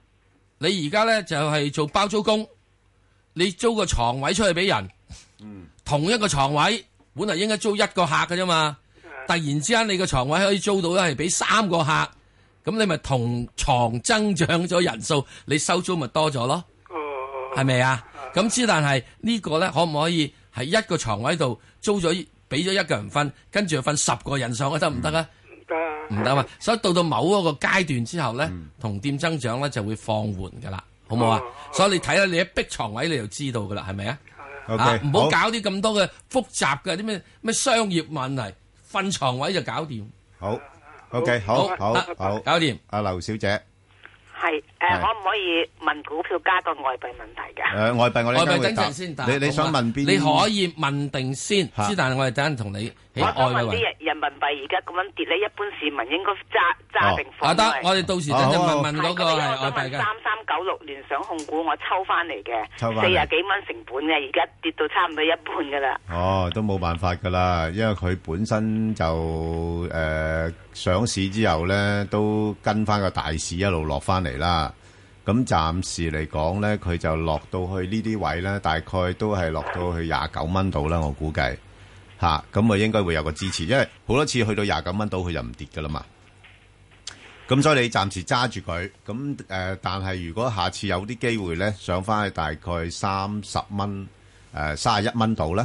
你而家咧就係、是、做包租公，你租個床位出去俾人，同一個床位本嚟，應該租一個客嘅啫嘛，突然之間你個床位可以租到咧係俾三個客，咁你咪同床增長咗人數，你收租咪多咗咯，係咪啊？咁之吧 (laughs) 但係、這個、呢個咧可唔可以喺一個床位度租咗俾咗一個人瞓，跟住又瞓十個人上去得唔得啊？行唔得啊！所以到到某一個階段之後咧，嗯、同店增長咧就會放緩噶啦，好唔好啊？哦哦、所以你睇下你一逼床位你就知道噶啦，係咪、嗯、Okay, 啊？OK，唔好搞啲咁多嘅複雜嘅啲咩咩商業問題，瞓床位就搞掂、okay。好，OK，好好好，搞掂。阿劉小姐，係。誒可唔可以問股票加個外幣問題㗎？誒、呃、外幣我外幣先，你、啊、你想問邊你可以問定先，之、啊、但係我哋等陣同你。我問啲人人民幣而家咁樣跌咧，一般市民應該揸揸定否？得、哦為啊，我哋到時就就、啊、問問嗰個外幣嘅。三三九六聯想控股，我抽翻嚟嘅，四廿幾蚊成本嘅，而家跌到差唔多一半㗎啦。哦，都冇辦法㗎啦，因為佢本身就誒、呃、上市之後咧，都跟翻個大市一路落翻嚟啦。咁暫時嚟講咧，佢就落到去呢啲位咧，大概都係落到去廿九蚊度啦，我估計吓。咁、啊、我應該會有個支持，因為好多次去到廿九蚊度，佢就唔跌㗎喇嘛。咁所以你暫時揸住佢，咁誒、呃，但係如果下次有啲機會咧，上返去大概三十蚊、誒三十一蚊度咧，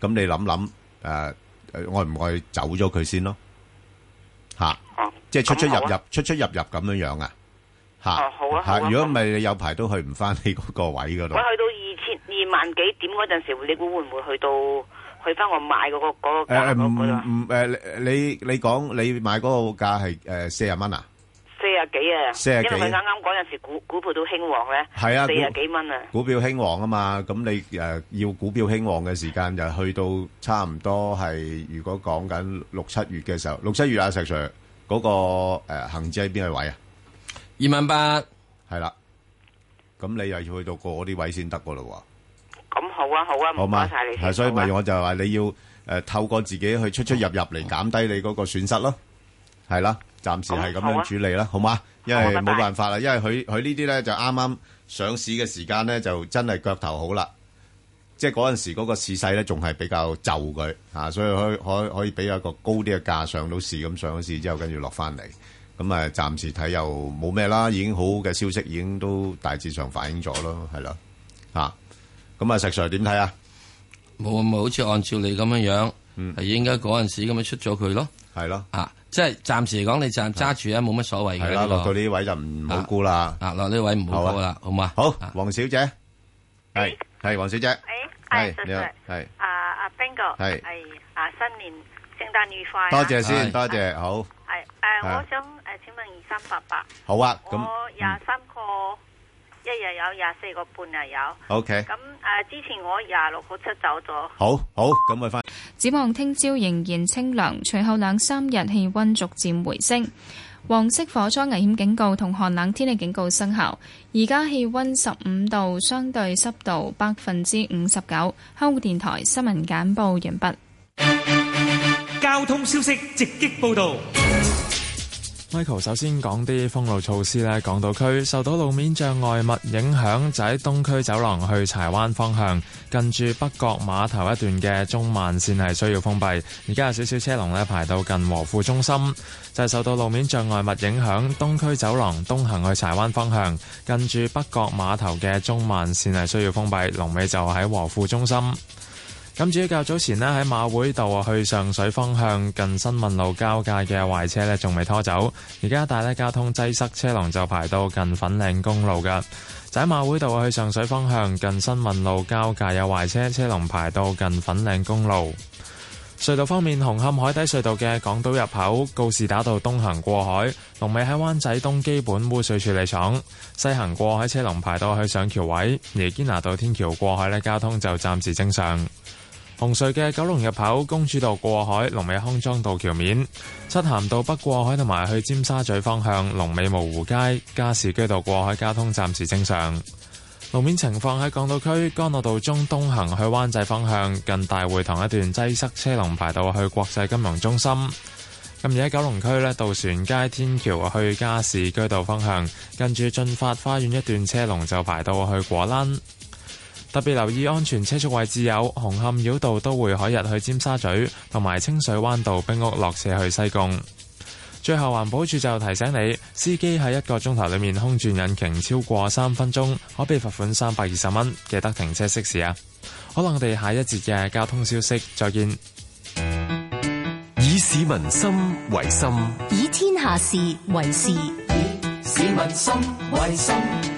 咁、啊、你諗諗誒愛唔愛走咗佢先咯吓、啊？即係出出入入、啊、出出入入咁樣樣啊！哦，好啊，好啊。如果唔係你有排都去唔翻你嗰個位嗰度。我去到二千二萬幾點嗰陣時，你估會唔會去到去翻我買嗰個嗰個價嗰度？誒唔唔誒，你你講你買嗰個價係誒四十蚊啊？四十幾啊，因為啱啱嗰陣時股股票都興旺咧，係啊，四十幾蚊啊，股票興旺啊嘛。咁你誒要股票興旺嘅時間就去到差唔多係如果講緊六七月嘅時候，六七月啊，石 Sir 嗰個誒恒指喺邊個位啊？二萬八係啦，咁 28. 你又要去到嗰啲位先得噶咯？咁好啊，好啊，唔該晒你。係所以咪我就話你要誒、呃、透過自己去出出入入嚟減低你嗰個損失咯，係啦、啊，暫時係咁樣處理啦，好嘛、啊？因為冇辦法啦，因為佢佢呢啲咧就啱啱上市嘅時間咧就真係腳頭好啦，即係嗰陣時嗰個市勢咧仲係比較就佢啊，所以可可可以俾一個高啲嘅價上到市，咁上到市之後跟住落翻嚟。咁啊，暫時睇又冇咩啦，已經好嘅消息已經都大致上反映咗咯，係啦，嚇。咁啊，石 Sir 點睇啊？冇冇好似按照你咁樣樣，係應該嗰陣時咁樣出咗佢咯，係咯，嚇。即係暫時嚟講，你暫揸住啊，冇乜所謂嘅。落到呢位就唔好估啦。嗱，落呢位唔好估啦，好嘛？好，黃小姐。係係黃小姐。係。你好，係。阿 Ben 哥。係。係啊，新年。聖誕愉快！多謝先，是多謝，好。係誒是，uh, 我想誒，請問二三八八好啊？咁我廿三個，嗯、一日有廿四個半啊，有。O Okay . K。咁誒，之前我廿六號出走咗。好，好，咁咪翻。展望聽朝仍然清涼，隨後兩三日氣溫逐漸回升。黃色火災危險警告同寒冷天氣警告生效。而家氣溫十五度，相對濕度百分之五十九。香港電台新聞簡報完畢。交通消息直擊報道，Michael 首先講啲封路措施呢，港島區受到路面障礙物影響，就喺東區走廊去柴灣方向，近住北角碼頭一段嘅中慢綫係需要封閉。而家有少少車龍咧，排到近和富中心。就係受到路面障礙物影響，東區走廊東行去柴灣方向，近住北角碼頭嘅中慢綫係需要封閉，龍尾就喺和富中心。咁至於較早前呢，喺馬會道去上水方向近新運路交界嘅壞車呢，仲未拖走。而家大呢交通擠塞，車龍就排到近粉嶺公路嘅。就喺馬會道去上水方向近新運路交界有壞車，車龍排到近粉嶺公路。隧道方面，紅磡海底隧道嘅港島入口告士打道東行過海，龍尾喺灣仔東基本污水處理廠，西行過海，車龍排到去上橋位。而堅拿道天橋過海呢，交通就暫時正常。紅隧嘅九龍入口公主道過海，龍尾康莊道橋面、七咸道北過海同埋去尖沙咀方向龍尾蕪湖街、加士居道過海，交通暫時正常。路面情況，喺港島區干諾道中東行去灣仔方向近大會堂一段擠塞，車龍排到去國際金融中心。咁而喺九龍區呢，渡船街天橋去加士居道方向近住駿發花園一段車龍就排到去果欄。特別留意安全車速位置有紅磡繞道、都會海逸去尖沙咀，同埋清水灣道冰屋落車去西貢。最後環保署就提醒你，司機喺一個鐘頭裏面空轉引擎超過三分鐘，可被罰款三百二十蚊。記得停車熄匙啊！可能我哋下一節嘅交通消息再見。以市民心為心，以天下事為事，以市民心為心。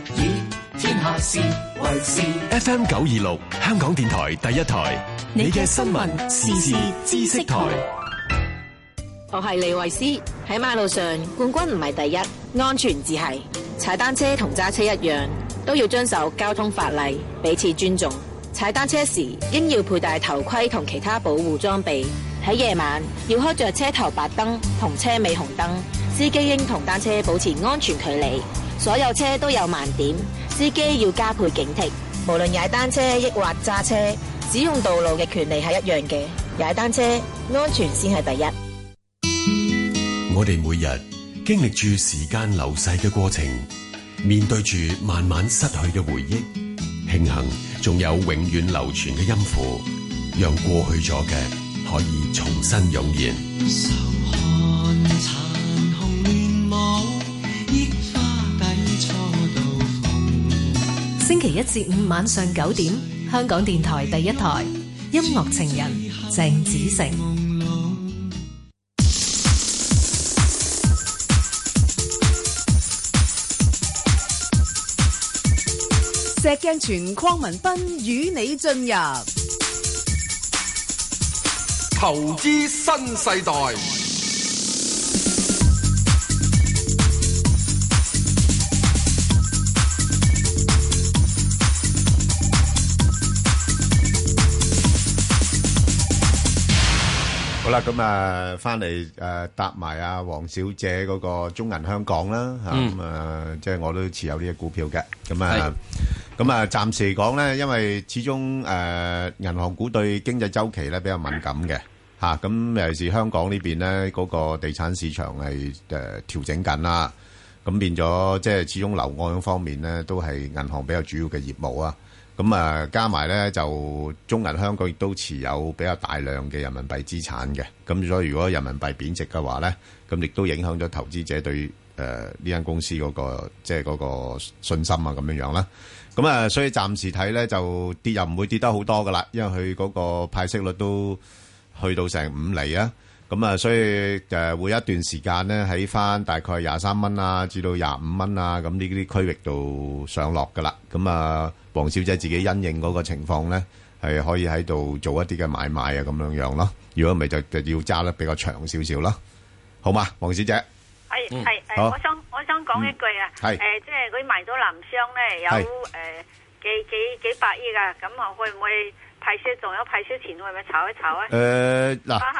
F.M. 九二六香港電台第一台，你嘅新聞時事知識台。我係李維斯。喺馬路上，冠軍唔係第一，安全至係。踩單車同揸車一樣，都要遵守交通法例，彼此尊重。踩單車時應要佩戴頭盔同其他保護裝備。喺夜晚要開着車頭白燈同車尾紅燈。司機應同單車保持安全距離。所有車都有盲點。司機要加倍警惕，無論踩單車抑或揸車，使用道路嘅權利係一樣嘅。踩單車，安全先係第一。我哋每日經歷住時間流逝嘅過程，面對住慢慢失去嘅回憶，慶幸仲有永遠流傳嘅音符，讓過去咗嘅可以重新湧現。.星期一至五晚上，上九點，香港電台第一台音樂情人鄭子誠，石鏡泉、鄺民彬與你進入投資新世代。好啦，咁啊，翻嚟誒，搭埋阿黃小姐嗰個中銀香港啦，嚇咁啊，即係我都持有呢隻股票嘅，咁啊，咁啊，暫時講咧，因為始終誒銀行股對經濟週期咧比較敏感嘅，嚇咁尤其是香港呢邊咧嗰個地產市場係誒調整緊啦，咁變咗即係始終樓按方面咧都係銀行比較主要嘅業務啊。咁啊，加埋咧就中銀香港亦都持有比較大量嘅人民幣資產嘅，咁所以如果人民幣貶值嘅話咧，咁亦都影響咗投資者對誒呢間公司嗰個即係嗰個信心啊咁樣樣啦。咁啊，所以暫時睇咧就跌又唔會跌得好多噶啦，因為佢嗰個派息率都去到成五厘啊。咁啊，所以誒會一段時間咧，喺翻大概廿三蚊啊，至到廿五蚊啊，咁呢啲區域度上落噶啦。咁啊，黃小姐自己因應嗰個情況咧，係可以喺度做一啲嘅買賣啊，咁樣樣咯。如果唔係就就要揸得比較長少少啦。好嘛，黃小姐。係係，我想我想講一句啊。係誒，即係嗰啲賣咗南商咧，有誒幾幾幾百億噶，咁啊，會唔會派息？仲有派息錢會唔會炒一炒啊？誒嗱。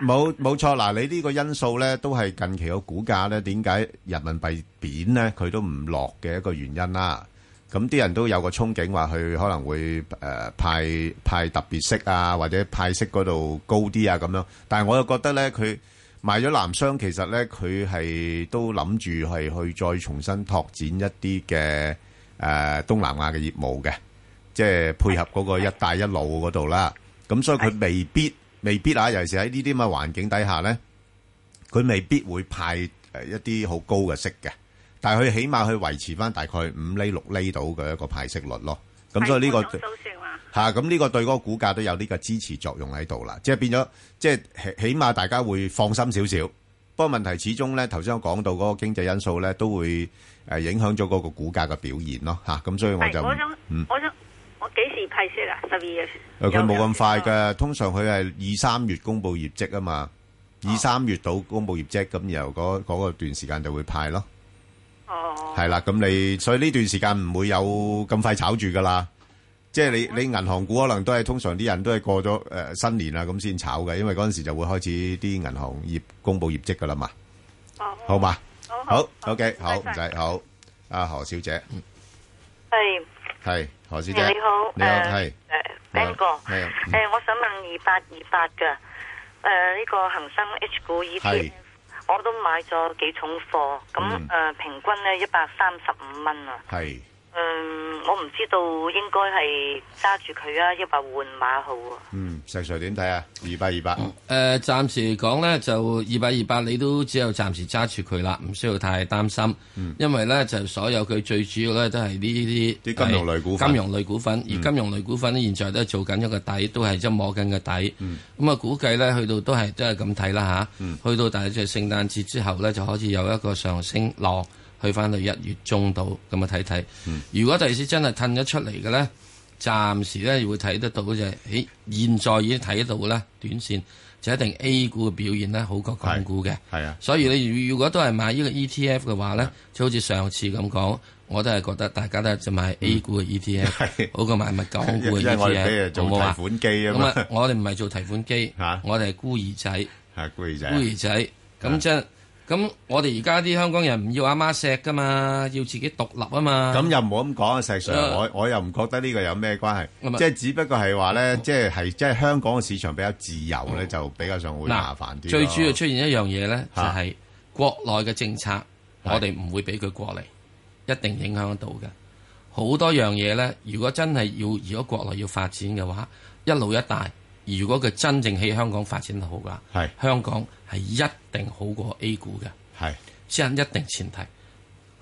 冇冇錯嗱，你呢個因素咧，都係近期個股價咧，點解人民幣貶咧，佢都唔落嘅一個原因啦。咁啲人都有個憧憬，話佢可能會誒派派特別息啊，或者派息嗰度高啲啊，咁樣。但係我又覺得咧，佢賣咗南商，其實咧佢係都諗住係去再重新拓展一啲嘅誒東南亞嘅業務嘅，即係配合嗰個一帶一路嗰度啦。咁所以佢未必。未必啊，尤其是喺呢啲咁嘅環境底下咧，佢未必會派誒一啲好高嘅息嘅，但係佢起碼去維持翻大概五厘六厘到嘅一個派息率咯。咁所以呢個嚇，咁呢個對嗰個股價都有呢個支持作用喺度啦。即係變咗，即係起碼大家會放心少少。不過問題始終咧，頭先我講到嗰個經濟因素咧，都會誒影響咗嗰個股價嘅表現咯。嚇，咁所以我就嗯，我想。我幾時派息啊？十二月？誒，佢冇咁快噶，通常佢係二三月公布業績啊嘛，二三月到公布業績，咁然後嗰嗰個段時間就會派咯。哦。係啦，咁你所以呢段時間唔會有咁快炒住噶啦。即係你你銀行股可能都係通常啲人都係過咗誒新年啊咁先炒嘅，因為嗰陣時就會開始啲銀行業公布業績噶啦嘛。哦。好嘛。好好。好 OK，好唔使，好，阿何小姐。嗯。係。係何師姐你好，你好係誒，Ben 哥？誒，我想問二八二八嘅誒呢個恒生 H 股，EPM，是我都買咗幾重貨，咁誒、嗯呃、平均咧一百三十五蚊啊。嗯，我唔知道應該係揸住佢啊，抑或換馬好啊？嗯，石 Sir 點睇啊？二百二百。誒、嗯，暫、呃、時講咧就二百二百，200, 200你都只有暫時揸住佢啦，唔需要太擔心。嗯、因為呢，就所有佢最主要呢，都係呢啲。金融類股。金融類股份，而金融類股份咧，現在都在做緊一個底，都係即摸緊個底。咁啊、嗯嗯嗯，估計呢，去到都係都係咁睇啦吓。去到但係即係聖誕節之後呢，就開始有一個上升浪。去翻，到一月中度，咁啊睇睇，如果第二次真係褪咗出嚟嘅咧，暫時咧會睇得到就係，誒，現在已經睇到啦，短綫就一定 A 股嘅表現咧好過港股嘅，係啊，所以你如果都係買個呢個 ETF 嘅話咧，是就好似上次咁講，我都係覺得大家都係就買 A 股嘅 ETF，是好過買咪港股嘅 ETF。嗯、我哋 (laughs) 做提款機啊，我哋唔係做提款機，啊、我哋係孤兒仔、啊，孤兒仔，孤兒仔，咁真、啊。啊啊咁我哋而家啲香港人唔要阿媽錫㗎嘛，要自己獨立啊嘛。咁又唔好咁講啊，石、嗯、Sir、嗯嗯嗯，我我又唔覺得呢個有咩關係，即係、嗯嗯、只不過係話咧，即係係即係香港嘅市場比較自由咧，就比較上會麻煩啲、嗯嗯。最主要出現一樣嘢咧，就係、是、國內嘅政策，啊、我哋唔會俾佢過嚟，一定影響到嘅。好多樣嘢咧，如果真係要如果國內要發展嘅話，一路一帶。如果佢真正喺香港發展得好噶，是香港係一定好過 A 股嘅。係是，即係一定前提。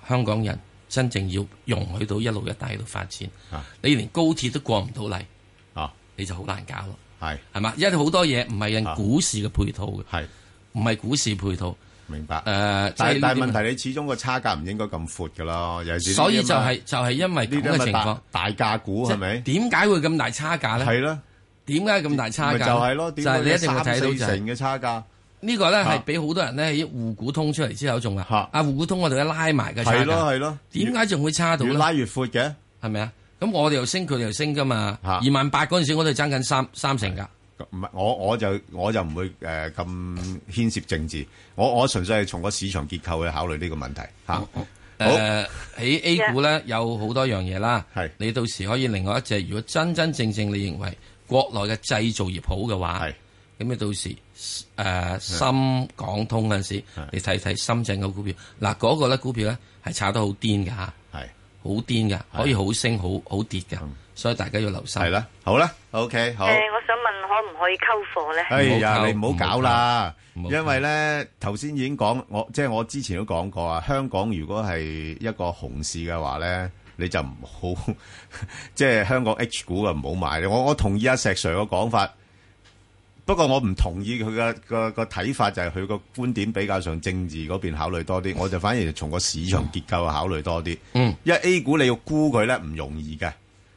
香港人真正要容許到一路一帶喺度發展，啊、你連高鐵都過唔到嚟，啊、你就好難搞咯。係是，係嘛？因為好多嘢唔係因股市嘅配套嘅，係唔係股市配套？啊、配套明白。誒、呃，但係但係問題，你始終個差價唔應該咁闊嘅咯。有所以就係、是、就係因為咁嘅情況，就是、大價股係咪？點解會咁大差價咧？係咯。點解咁大差價？就係咯，就係你一定睇到成嘅差價。呢個咧係俾好多人咧，喺滬股通出嚟之後，仲啊，阿滬股通我哋一拉埋嘅差價。係咯係咯，點解仲會差到？越拉越闊嘅，係咪啊？咁我哋又升，佢哋又升噶嘛？二萬八嗰陣時，我哋爭緊三三成噶。唔係，我我就我就唔會誒咁牽涉政治。我我純粹係從個市場結構去考慮呢個問題。吓，好喺 A 股咧有好多樣嘢啦。係你到時可以另外一隻，如果真真正正你認為。國內嘅製造業好嘅話，咁你到時誒深港通嗰陣時，你睇睇深圳嘅股票，嗱嗰個咧股票咧係炒得好癲㗎吓，係好癲㗎，可以好升好好跌㗎，所以大家要留心。係啦，好啦，OK，好。誒，我想問可唔可以溝貨咧？哎呀，你唔好搞啦，因為咧頭先已經講我，即係我之前都講過啊，香港如果係一個熊市嘅話咧。你就唔好即係香港 H 股啊，唔好買。我我同意阿石 Sir 嘅講法，不過我唔同意佢個個個睇法，就係佢個觀點比較上政治嗰邊考慮多啲。我就反而從個市場結構考慮多啲。嗯，因為 A 股你要沽佢咧唔容易嘅，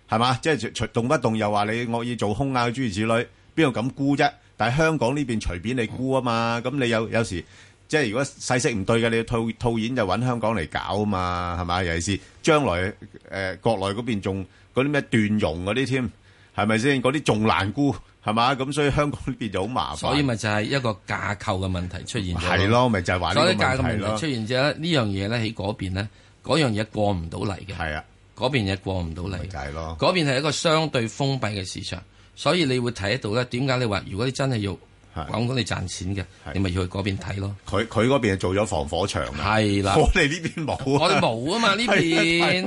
係嘛？即係隨隨動不動又話你惡意做空啊諸如此類，邊度敢沽啫？但係香港呢邊隨便你沽啊嘛，咁你有有時。即係如果細色唔對嘅，你要套套演就揾香港嚟搞啊嘛，係嘛？尤其是將來誒、呃、國內嗰邊仲嗰啲咩斷融嗰啲添，係咪先？嗰啲仲難估係嘛？咁所以香港呢邊就好麻煩。所以咪就係一個架構嘅問題出現咗。係咯，咪就係話呢問題架構問題出現咗呢樣嘢咧，喺嗰邊咧，嗰樣嘢過唔到嚟嘅。係啊的，嗰邊嘢過唔到嚟。係咯的。嗰邊係一個相對封閉嘅市場，所以你會睇得到咧。點解你話如果你真係要？香港、嗯、你賺錢嘅，你咪要去嗰邊睇咯。佢佢嗰邊做咗防火牆的啊。係啦，我哋呢邊冇，我哋冇啊嘛呢邊。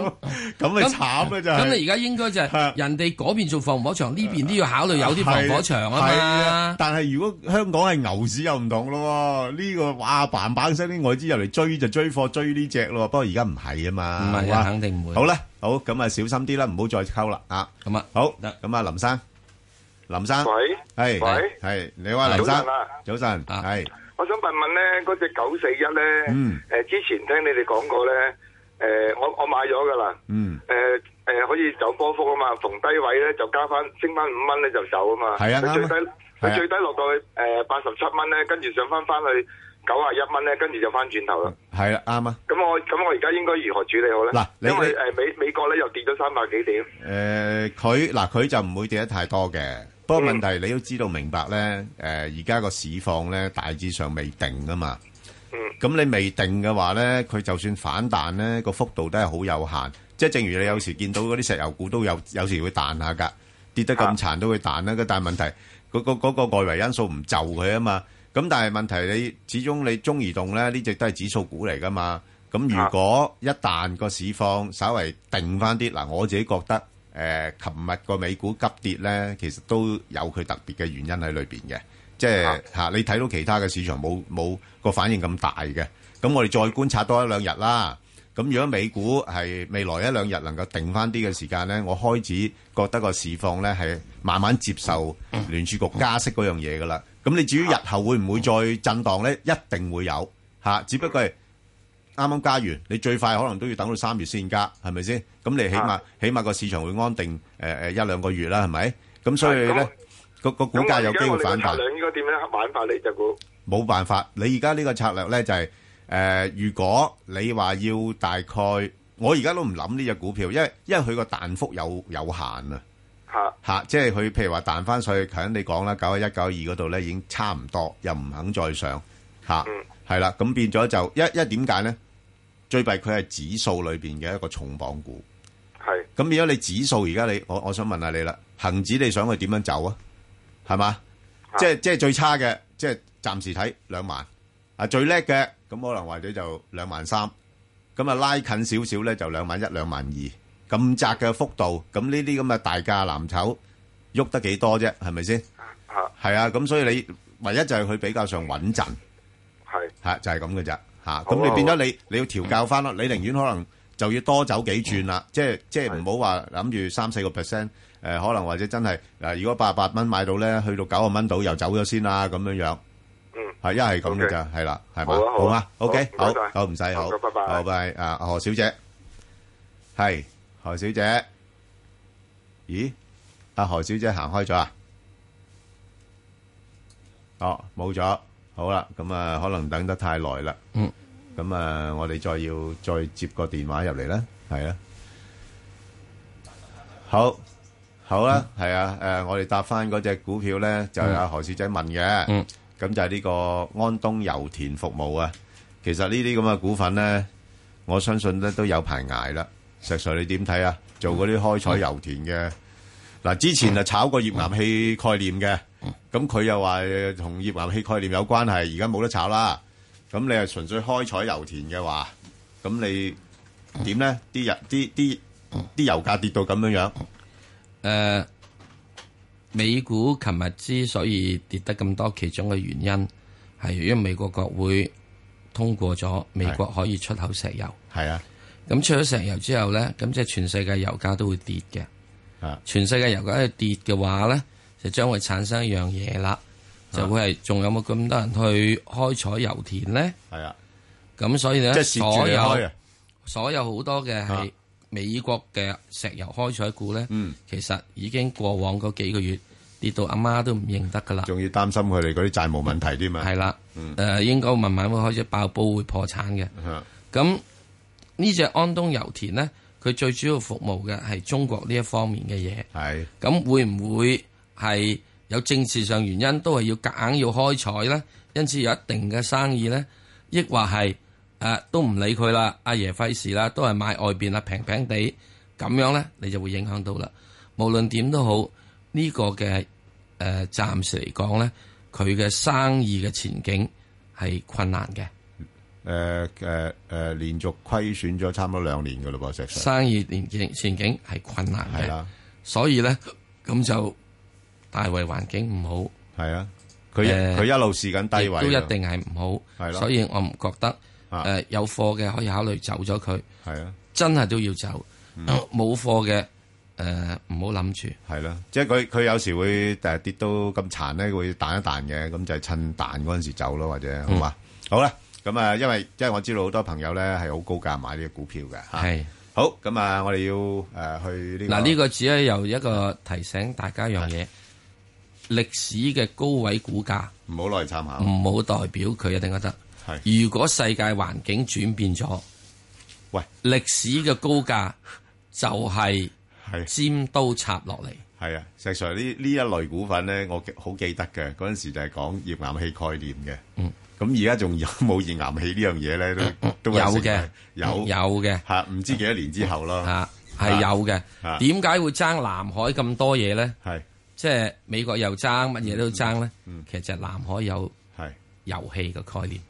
咁咪 (laughs) 慘啦就係。咁你而家應該就係、是、的人哋嗰邊做防火牆，呢邊都要考慮有啲防火牆啊嘛。但係如果香港係牛市又唔同咯，呢、這個哇板板聲啲外資入嚟追就追貨追呢隻咯。不過而家唔係啊嘛。唔係肯定唔會。好啦，好咁啊，小心啲啦，唔好再溝啦啊。咁啊，好，咁啊，行林生。林生，喂，係，喂，係，你好啊，林生，早晨啊，早晨，係，我想問問咧，嗰隻九四一咧，誒，之前聽你哋講過咧，誒，我我買咗噶啦，嗯，誒誒，可以走波幅啊嘛，逢低位咧就加翻，升翻五蚊咧就走啊嘛，係啊，佢最低，佢最低落到去誒八十七蚊咧，跟住上翻翻去九啊一蚊咧，跟住就翻轉頭啦，係啊，啱啊，咁我咁我而家應該如何處理好咧？嗱，你咪誒美美國咧又跌咗三百幾點？誒，佢嗱佢就唔會跌得太多嘅。不過問題，你都知道明白咧，誒而家個市況咧大致上未定噶嘛。咁、嗯、你未定嘅話咧，佢就算反彈咧，個幅度都係好有限。即係正如你有時見到嗰啲石油股都有，有時會彈下㗎，跌得咁殘都會彈啦。啊、但係問題，嗰、嗰個嗰個外圍因素唔就佢啊嘛。咁但係問題你，你始終你中移動咧呢隻都係指數股嚟㗎嘛。咁如果一彈、個市況稍為定翻啲，嗱我自己覺得。誒，琴日個美股急跌咧，其實都有佢特別嘅原因喺裏邊嘅，即係嚇、啊啊、你睇到其他嘅市場冇冇個反應咁大嘅，咁我哋再觀察多一兩日啦。咁如果美股係未來一兩日能夠定翻啲嘅時間咧，我開始覺得個市況咧係慢慢接受聯儲局加息嗰樣嘢㗎喇。咁你至於日後會唔會再震盪咧？一定會有嚇、啊，只不過係。啱啱加完，你最快可能都要等到三月先加，係咪先？咁你起碼、啊、起碼個市場會安定，誒、呃、誒一兩個月啦，係咪？咁所以咧，個個我股價有機會反彈。咁而家我哋策略應該點樣玩法？你就冇冇辦法？你而家呢個策略咧就係、是、誒、呃，如果你話要大概，我而家都唔諗呢隻股票，因為因為佢個彈幅有有限啊。嚇嚇、啊啊，即係佢譬如話彈翻上去，頭先你講啦，九一九二嗰度咧已經差唔多，又唔肯再上嚇，係、啊、啦，咁、嗯、變咗就一一點解咧？最弊佢係指數裏邊嘅一個重磅股，係咁而家你指數而家你我我想問下你啦，恒指你想去點樣走啊？係嘛的？即係即係最差嘅，即係暫時睇兩萬。啊，最叻嘅咁可能或者就兩萬三，咁啊拉近少少咧就兩萬一兩萬二，咁窄嘅幅度，咁呢啲咁嘅大價藍籌喐得幾多啫？係咪先？係啊，咁所以你唯一就係佢比較上穩陣，係吓的的就係咁嘅咋。咁你變咗你你要調教翻咯，你寧願可能就要多走幾轉啦，即係即係唔好話諗住三四個 percent，誒，可能或者真係嗱，如果八百蚊買到咧，去到九十蚊度又走咗先啦，咁樣樣，嗯，係一係咁噶。係啦，係嘛？好啊，OK，好唔使好，拜拜，阿何小姐，係何小姐，咦，阿何小姐行開咗啊？哦，冇咗，好啦，咁啊，可能等得太耐啦，嗯。咁啊！我哋再要再接個電話入嚟咧，係啊，好好啦，係啊，誒，我哋搭翻嗰隻股票咧，就係阿何小姐問嘅，咁就係呢個安東油田服務啊。其實呢啲咁嘅股份咧，我相信咧都有排挨啦。石 Sir，你點睇啊？做嗰啲開採油田嘅，嗱，之前啊炒過頁岩氣概念嘅，咁佢又話同頁岩氣概念有關係，而家冇得炒啦。咁你係純粹開採油田嘅話，咁你點咧？啲油啲啲啲油價跌到咁樣樣。誒、呃，美股琴日之所以跌得咁多，其中嘅原因係因為美國國會通過咗美國可以出口石油。係啊，咁出咗石油之後咧，咁即係全世界油價都會跌嘅。啊，全世界油價一跌嘅話咧，就將會產生一樣嘢啦。就會係仲有冇咁多人去開採油田咧？係啊，咁所以咧，即係所有所有好多嘅係美國嘅石油開採股咧，啊、其實已經過往嗰幾個月跌到阿媽都唔認得噶啦。仲要擔心佢哋嗰啲債務問題啲嘛？係啦、 (laughs) 啊，誒、呃，應該慢慢會開始爆煲，會破產嘅。咁呢隻安東油田咧，佢最主要服務嘅係中國呢一方面嘅嘢。係咁的的會唔會係？有政治上原因都係要夾硬要開採啦，因此有一定嘅生意咧，亦或係誒都唔理佢啦，阿爺費事啦，都係、啊、買外邊啦平平地咁樣咧，你就會影響到啦。無論點都好，呢、這個嘅誒暫時嚟講咧，佢嘅生意嘅前景係困難嘅。誒誒誒，連續虧損咗差唔多兩年噶咯噃，石生。生意前景前景係困難嘅，係嘅，所以咧咁就。外圍環境唔好，係啊，佢佢一路試緊低位，都一定係唔好，係咯，所以我唔覺得誒有貨嘅可以考慮走咗佢，係啊，真係都要走，冇貨嘅誒唔好諗住，係啦，即係佢佢有時會誒跌到咁殘咧，會彈一彈嘅，咁就係趁彈嗰陣時走咯，或者好嘛？好啦，咁啊，因為因為我知道好多朋友咧係好高價買呢隻股票嘅，係，好，咁啊，我哋要誒去呢嗱呢個只係有一個提醒大家一樣嘢。歷史嘅高位股價唔好攞嚟參考，唔好代表佢一定得。係，如果世界環境轉變咗，喂，歷史嘅高價就係尖刀插落嚟。係啊，石 Sir 呢呢一類股份咧，我好記得嘅嗰陣時就係講頁岩氣概念嘅。嗯，咁而家仲有冇頁岩氣呢樣嘢咧？都都有嘅，有有嘅嚇，唔知幾多年之後咯嚇係有嘅。點解會爭南海咁多嘢咧？係。即係美國又爭乜嘢都爭咧，嗯嗯、其實就南海有遊戲嘅概念，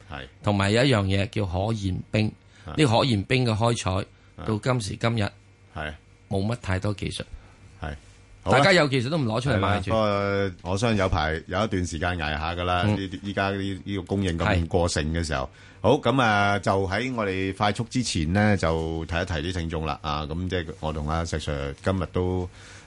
同埋有一樣嘢叫可燃冰。呢是個可燃冰嘅開採是到今時今日，冇乜是太多技術。啊、大家有技術都唔攞出嚟賣住。的我相信有排有一段時間捱下噶啦。依家呢個供應咁過剩嘅時候，好咁啊！就喺我哋快速之前呢，就提一提啲聽眾啦。啊，咁即係我同阿石 Sir 今日都。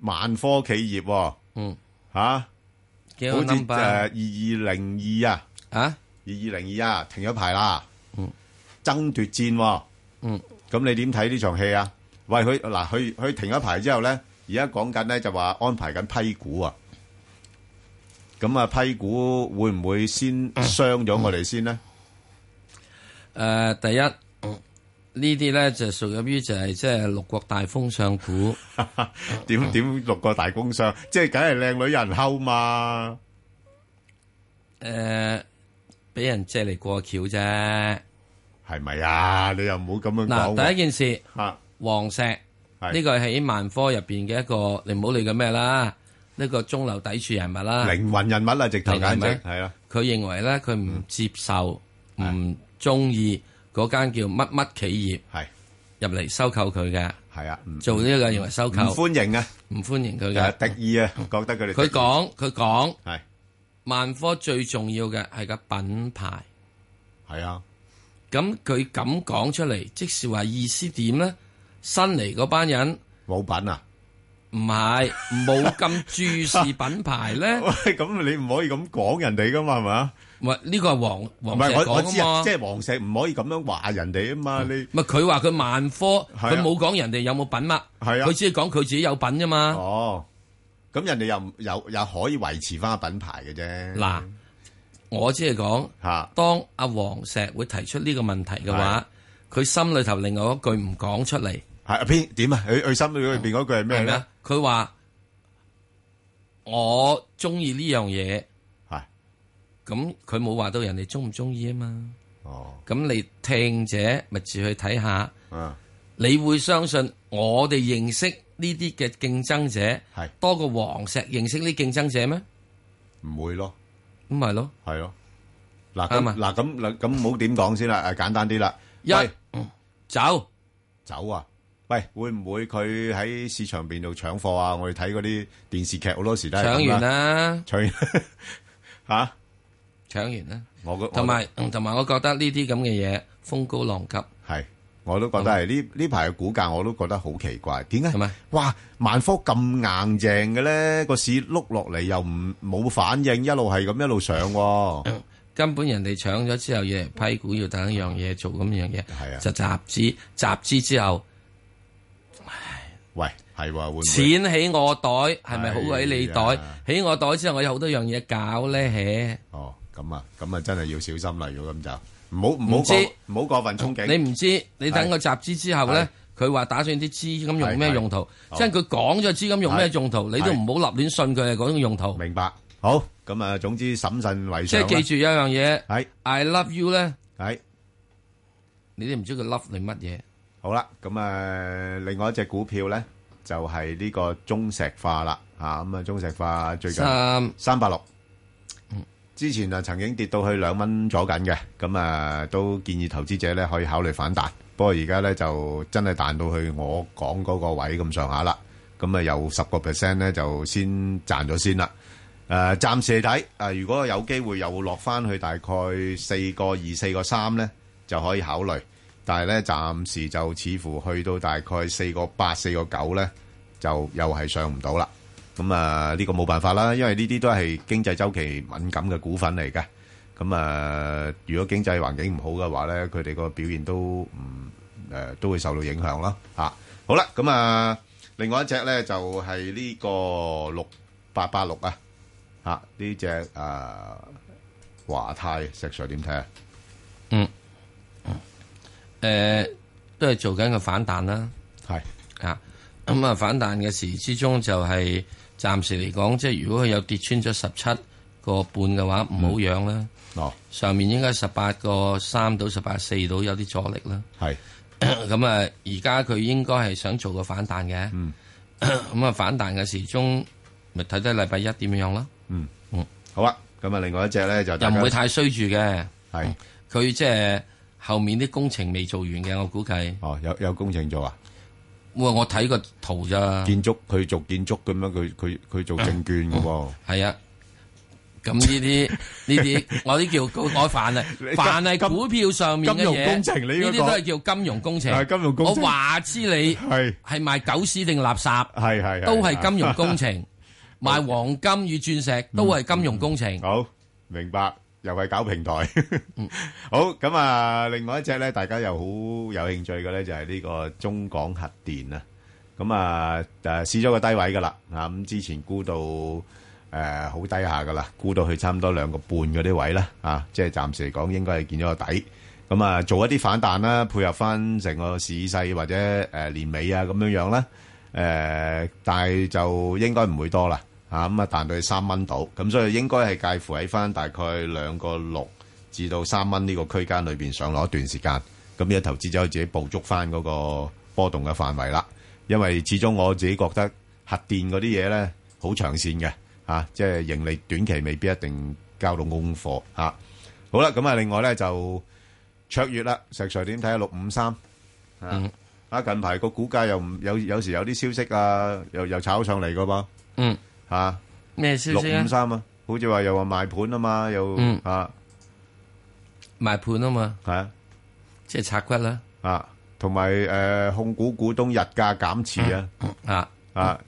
萬科企業，嗯，吓，好似誒二二零二啊，啊，二二零二啊，停咗牌啦，嗯，爭奪戰、啊，嗯，咁你點睇呢場戲啊？喂，佢嗱佢佢停咗牌之後咧，而家講緊咧就話安排緊批股啊，咁啊批股會唔會先傷咗我哋先呢？誒、嗯嗯呃，第一。呢啲咧就屬於就係即係六國大封相股，點點六國大封相，即係梗係靚女人溝嘛？誒，俾人借嚟過橋啫，係咪啊？你又唔好咁樣講。嗱，第一件事，王石呢個喺萬科入邊嘅一個，你唔好理佢咩啦，呢個中流砥柱人物啦，靈魂人物啊，直頭嘅，係啊，佢認為咧，佢唔接受，唔中意。嗰間叫乜乜企業係入嚟收購佢嘅係啊，做呢個認為收購唔歡迎啊，唔歡迎佢嘅敵意啊，覺得佢哋佢講佢講係萬科最重要嘅係個品牌係啊，咁佢咁講出嚟，即是話意思點咧？新嚟嗰班人冇品啊，唔係冇咁注視品牌咧，咁你唔可以咁講人哋噶嘛，係咪啊？喂，呢個係王王石講噶嘛，即係王石唔可以咁樣話人哋啊嘛。你咪佢話佢萬科，佢冇講人哋有冇品嘛。係啊，佢、啊、只係講佢自己有品啫嘛。哦，咁人哋又又又可以維持翻個品牌嘅啫。嗱，我只係講吓，當阿王石會提出呢個問題嘅話，佢、啊、心裏頭另外一句唔講出嚟係阿邊點啊？佢佢、啊、心裏邊嗰句係咩啊？佢話我中意呢樣嘢，咁佢冇話到人哋鍾唔鍾意啊嘛，哦，咁你聽者咪住去睇下，嗯，你會相信我哋認識呢啲嘅競爭者係多過黃石認識啲競爭者咩？唔會咯，咁咪咯，係咯，嗱咁嗱咁嗱咁冇點講先啦，誒，簡單啲啦，一走走啊，喂，會唔會佢喺市場邊度搶貨啊？我哋睇嗰啲電視劇好多時都係搶完啦，搶完吓。搶完呢？我同埋同埋，我覺得呢啲咁嘅嘢風高浪急，係我，嗎我都覺得係呢呢排嘅股價，我都覺得好奇怪。點解？哇嗎，萬科咁硬淨嘅咧，個市碌落嚟，又唔冇反應，一路係咁一路上，啊嗯，根本人哋搶咗之後要批股要一，要等樣嘢做咁樣嘢，係啊，就集資集資之後，唉，喂，係話錢喺我袋，係咪好鬼你袋？嗎哎、呀喺我袋之後，我有好多樣嘢搞咧，哦。Oh. 咁啊，咁啊，真係要小心啦！如果咁就唔好唔好知唔好過，過分憧憬。你唔知你等個集資之後咧，佢話是打算啲資金用咩用途？即係佢講咗資金用咩用途，是你都唔好立亂信佢係嗰種用途。明白。好，咁啊，總之審慎為上，即係記住一樣嘢。係是，I love you 咧。係是，你都唔知佢 love 你乜嘢。好啦，咁啊，另外一隻股票咧，就係、是、呢個中石化啦。嚇，咁啊，中石化最近三三八六。之前啊，曾經跌到去兩蚊左緊嘅，咁啊都建議投資者咧可以考慮反彈。不過而家咧就真係彈到去我講嗰個位咁上下啦。咁啊有十個 percent 咧就先賺咗先啦。誒、呃、暫時睇，誒、呃、如果有機會又落翻去大概四個二、四個三咧，就可以考慮。但係咧暫時就似乎去到大概四個八、四個九咧，就又係上唔到啦。咁啊，呢、這個冇辦法啦，因為呢啲都係經濟周期敏感嘅股份嚟嘅。咁啊，如果經濟環境唔好嘅話咧，佢哋個表現都唔誒、嗯呃、都會受到影響啦。嚇、啊，好啦，咁啊，另外一隻咧就係、是、呢個六八八六啊，嚇、啊、呢隻啊華泰石 Sir 點睇啊？嗯，誒都係做緊個反彈啦。係啊，咁啊反彈嘅時之中就係、是。暫時嚟講，即係如果佢有跌穿咗十七個半嘅話，唔、嗯、好養啦。哦，上面應該十八個三到十八四到有啲阻力啦。係是。咁啊，而家佢應該係想做個反彈嘅。嗯。咁啊，反彈嘅時鐘咪睇睇禮拜一點樣咯。嗯嗯，嗯好啊。咁啊，另外一隻咧就又唔會太衰住嘅。係是。佢、嗯、即係後面啲工程未做完嘅，我估計。哦，有有工程做啊！我我睇個圖咋？建築，佢做建築咁樣，佢佢佢做證券嘅喎。係啊，咁呢啲呢啲，我啲叫改反啊！凡係股票上面嘅嘢，呢啲都係叫金融工程。金融工程，我話知你係係賣狗屎定垃圾？係係，都係金融工程。賣黃金與鑽石都係金融工程。好，明白。又係搞平台， (laughs) 好咁啊！另外一隻咧，大家又好有興趣嘅咧，就係、是、呢個中港核電啊！咁啊，誒試咗個低位噶啦，啊咁之前估到誒好、呃、低下噶啦，估到去差唔多兩個半嗰啲位啦，啊，即係暫時嚟講應該係見咗個底，咁啊做一啲反彈啦，配合翻成個市勢或者誒年尾啊咁樣樣啦。誒、啊、但係就應該唔會多啦。啊咁啊，彈到三蚊度，咁所以應該係介乎喺翻大概兩個六至到三蚊呢個區間裏邊上落一段時間，咁啲投資者可以自己捕捉翻嗰個波動嘅範圍啦。因為始終我自己覺得核電嗰啲嘢咧好長線嘅，啊，即係盈利短期未必一定交到功課嚇。好啦，咁啊，另外咧就卓越啦，石 sir 點睇啊？六五三啊，啊近排個股價又唔有，有時有啲消息啊，又又炒上嚟噶噃。嗯。吓？咩消息？六五三啊，好似話又話賣盤啊嘛，又吓賣盤啊嘛，係啊，即係拆骨啦，啊，同埋誒控股股東日價減持啊，啊啊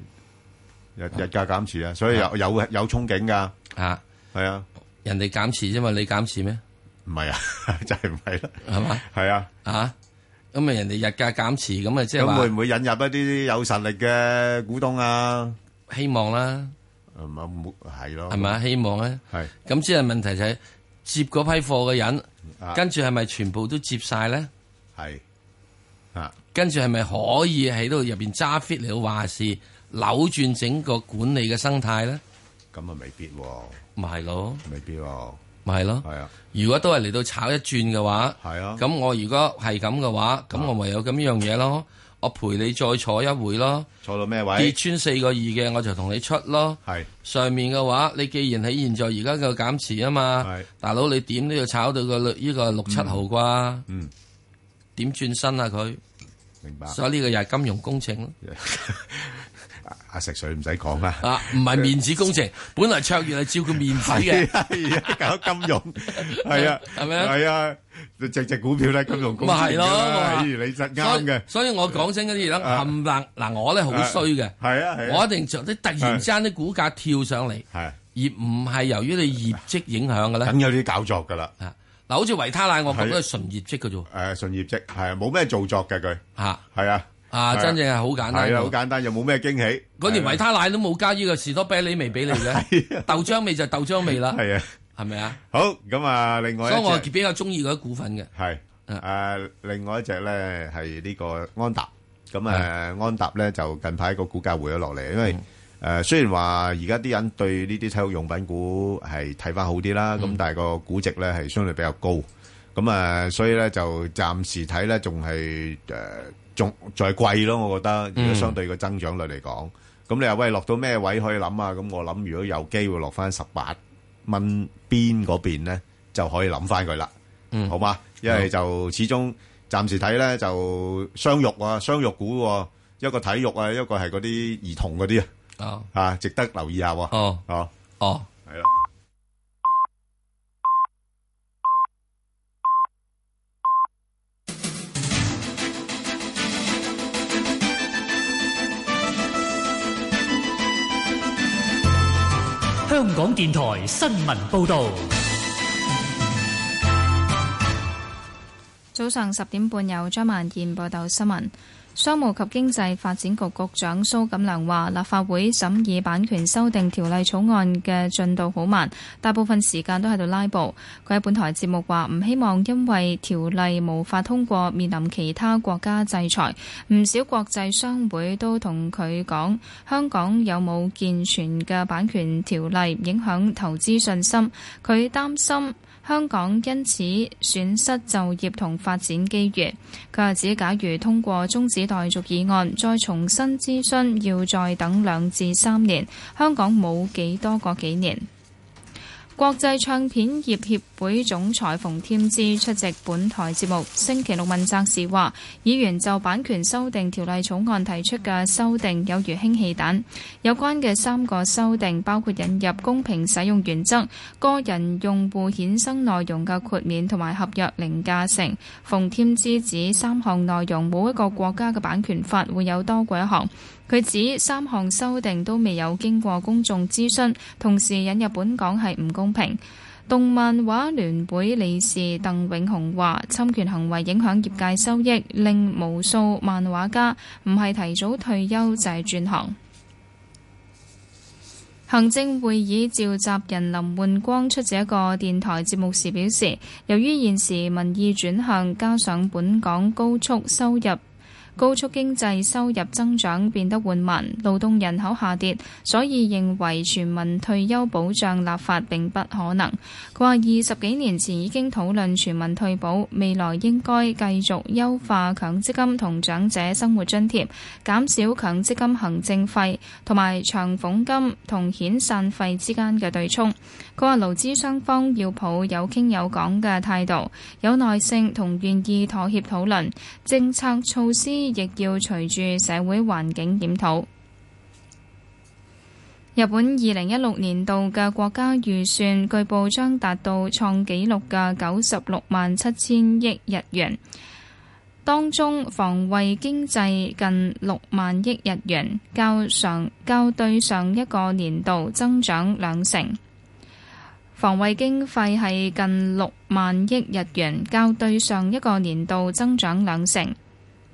日日價減持啊，所以有有有憧憬噶，啊，係啊，人哋減持啫嘛，你減持咩？唔係啊，就係唔係啦，係嘛？係啊，啊，咁啊人哋日價減持，咁啊即係咁會唔會引入一啲有實力嘅股東啊？希望啦，係咪係咯，係咪啊？希望咧，係咁即係問題就係接嗰批貨嘅人，跟住係咪全部都接晒咧？係啊，跟住係咪可以喺度入邊揸 fit 嚟到話事，扭轉整個管理嘅生態咧？咁啊未必喎，咪係咯？未必喎，咪係咯？係啊！如果都係嚟到炒一轉嘅話，係啊！咁我如果係咁嘅話，咁我咪有咁樣嘢咯。我陪你再坐一回咯，坐到咩位？跌穿四個二嘅，我就同你出咯。係是上面嘅話，你既然喺現在而家嘅減持啊嘛，是大佬你點都要炒到個呢個六七號啩、嗯？嗯，點轉身啊佢？明白。所以呢個又係金融工程咯。Yeah. (laughs) 食水唔使講啦，啊，唔係面子工程，本來卓越係照顧面子嘅，搞金融，係啊，係咪啊？係啊，只只股票咧，金融唔係咯，你實啱嘅，所以我講真嗰啲嘢，冚唪唥嗱，我咧好衰嘅，係啊係，我一定着啲突然之間啲股價跳上嚟，係，而唔係由於你業績影響嘅咧，梗有啲搞作噶啦，嗱，好似維他奶，我覺得係純業績嘅啫，誒，純業績係冇咩做作嘅佢，吓，係啊。啊，真正係好簡單，係啊，好簡單，又冇咩驚喜。嗰條維他奶都冇加呢個士多啤梨味俾你嘅，豆漿味就豆漿味啦。係啊，係咪啊？好，咁啊，另外，所以我比較中意嗰啲股份嘅。係誒，另外一隻咧係呢個安踏，咁誒，安踏咧就近排個股價回咗落嚟，因為誒，雖然話而家啲人對呢啲體育用品股係睇翻好啲啦，咁但係個估值咧係相對比較高，咁啊，所以咧就暫時睇咧仲係誒。仲再貴咯，我覺得。如果相對個增長率嚟講，咁你話喂，落到咩位可以諗啊？咁我諗如果有機會落翻十八蚊邊嗰邊咧，就可以諗翻佢啦。嗯，好嘛，因為就始終暫時睇咧就雙肉啊，雙肉股一個體育啊，一個係嗰啲兒童嗰啲啊，啊，值得留意下喎。哦，哦，哦，係啦。港電台新聞報道，早上十點半有張曼燕報道新聞。商務及經濟發展局局長蘇錦梁話，立法會審議版權修訂條例草案嘅進度好慢，大部分時間都喺度拉布。佢喺本台節目話，唔希望因為條例無法通過，面臨其他國家制裁。唔少國際商會都同佢講，香港有冇健全嘅版權條例，影響投資信心。佢擔心。香港因此損失就業同發展機遇。佢又指，假如通過中止待續議案，再重新諮詢，要再等兩至三年。香港冇幾多個幾年。國際唱片業協會總裁馮添枝出席本台節目，星期六問責時話：議員就版權修訂條例草案提出嘅修訂有如氫氣彈，有關嘅三個修訂包括引入公平使用原則、個人用戶衍生內容嘅豁免同埋合約零價成。馮添枝指三項內容每一個國家嘅版權法會有多過一項。佢指三項修訂都未有經過公眾諮詢，同時引入本港係唔公平。動漫畫聯會理事鄧永雄話，侵權行為影響業界收益，令無數漫畫家唔係提早退休就係轉行。行政會議召集人林煥光出席一個電台節目時表示，由於現時民意轉向，加上本港高速收入。高速經濟收入增長變得緩慢，勞動人口下跌，所以認為全民退休保障立法並不可能。佢話二十幾年前已經討論全民退保，未來應該繼續優化強積金同長者生活津貼，減少強積金行政費同埋長俸金同遣散費之間嘅對沖。佢話勞資雙方要抱有傾有講嘅態度，有耐性同願意妥協討論政策措施。亦要隨住社會環境檢討。日本二零一六年度嘅國家預算據報將達到創紀錄嘅九十六萬七千億日元，當中防衛經濟近六萬億日元，較上較對上一個年度增長兩成。防衛經費係近六萬億日元，較對上一個年度增長兩成。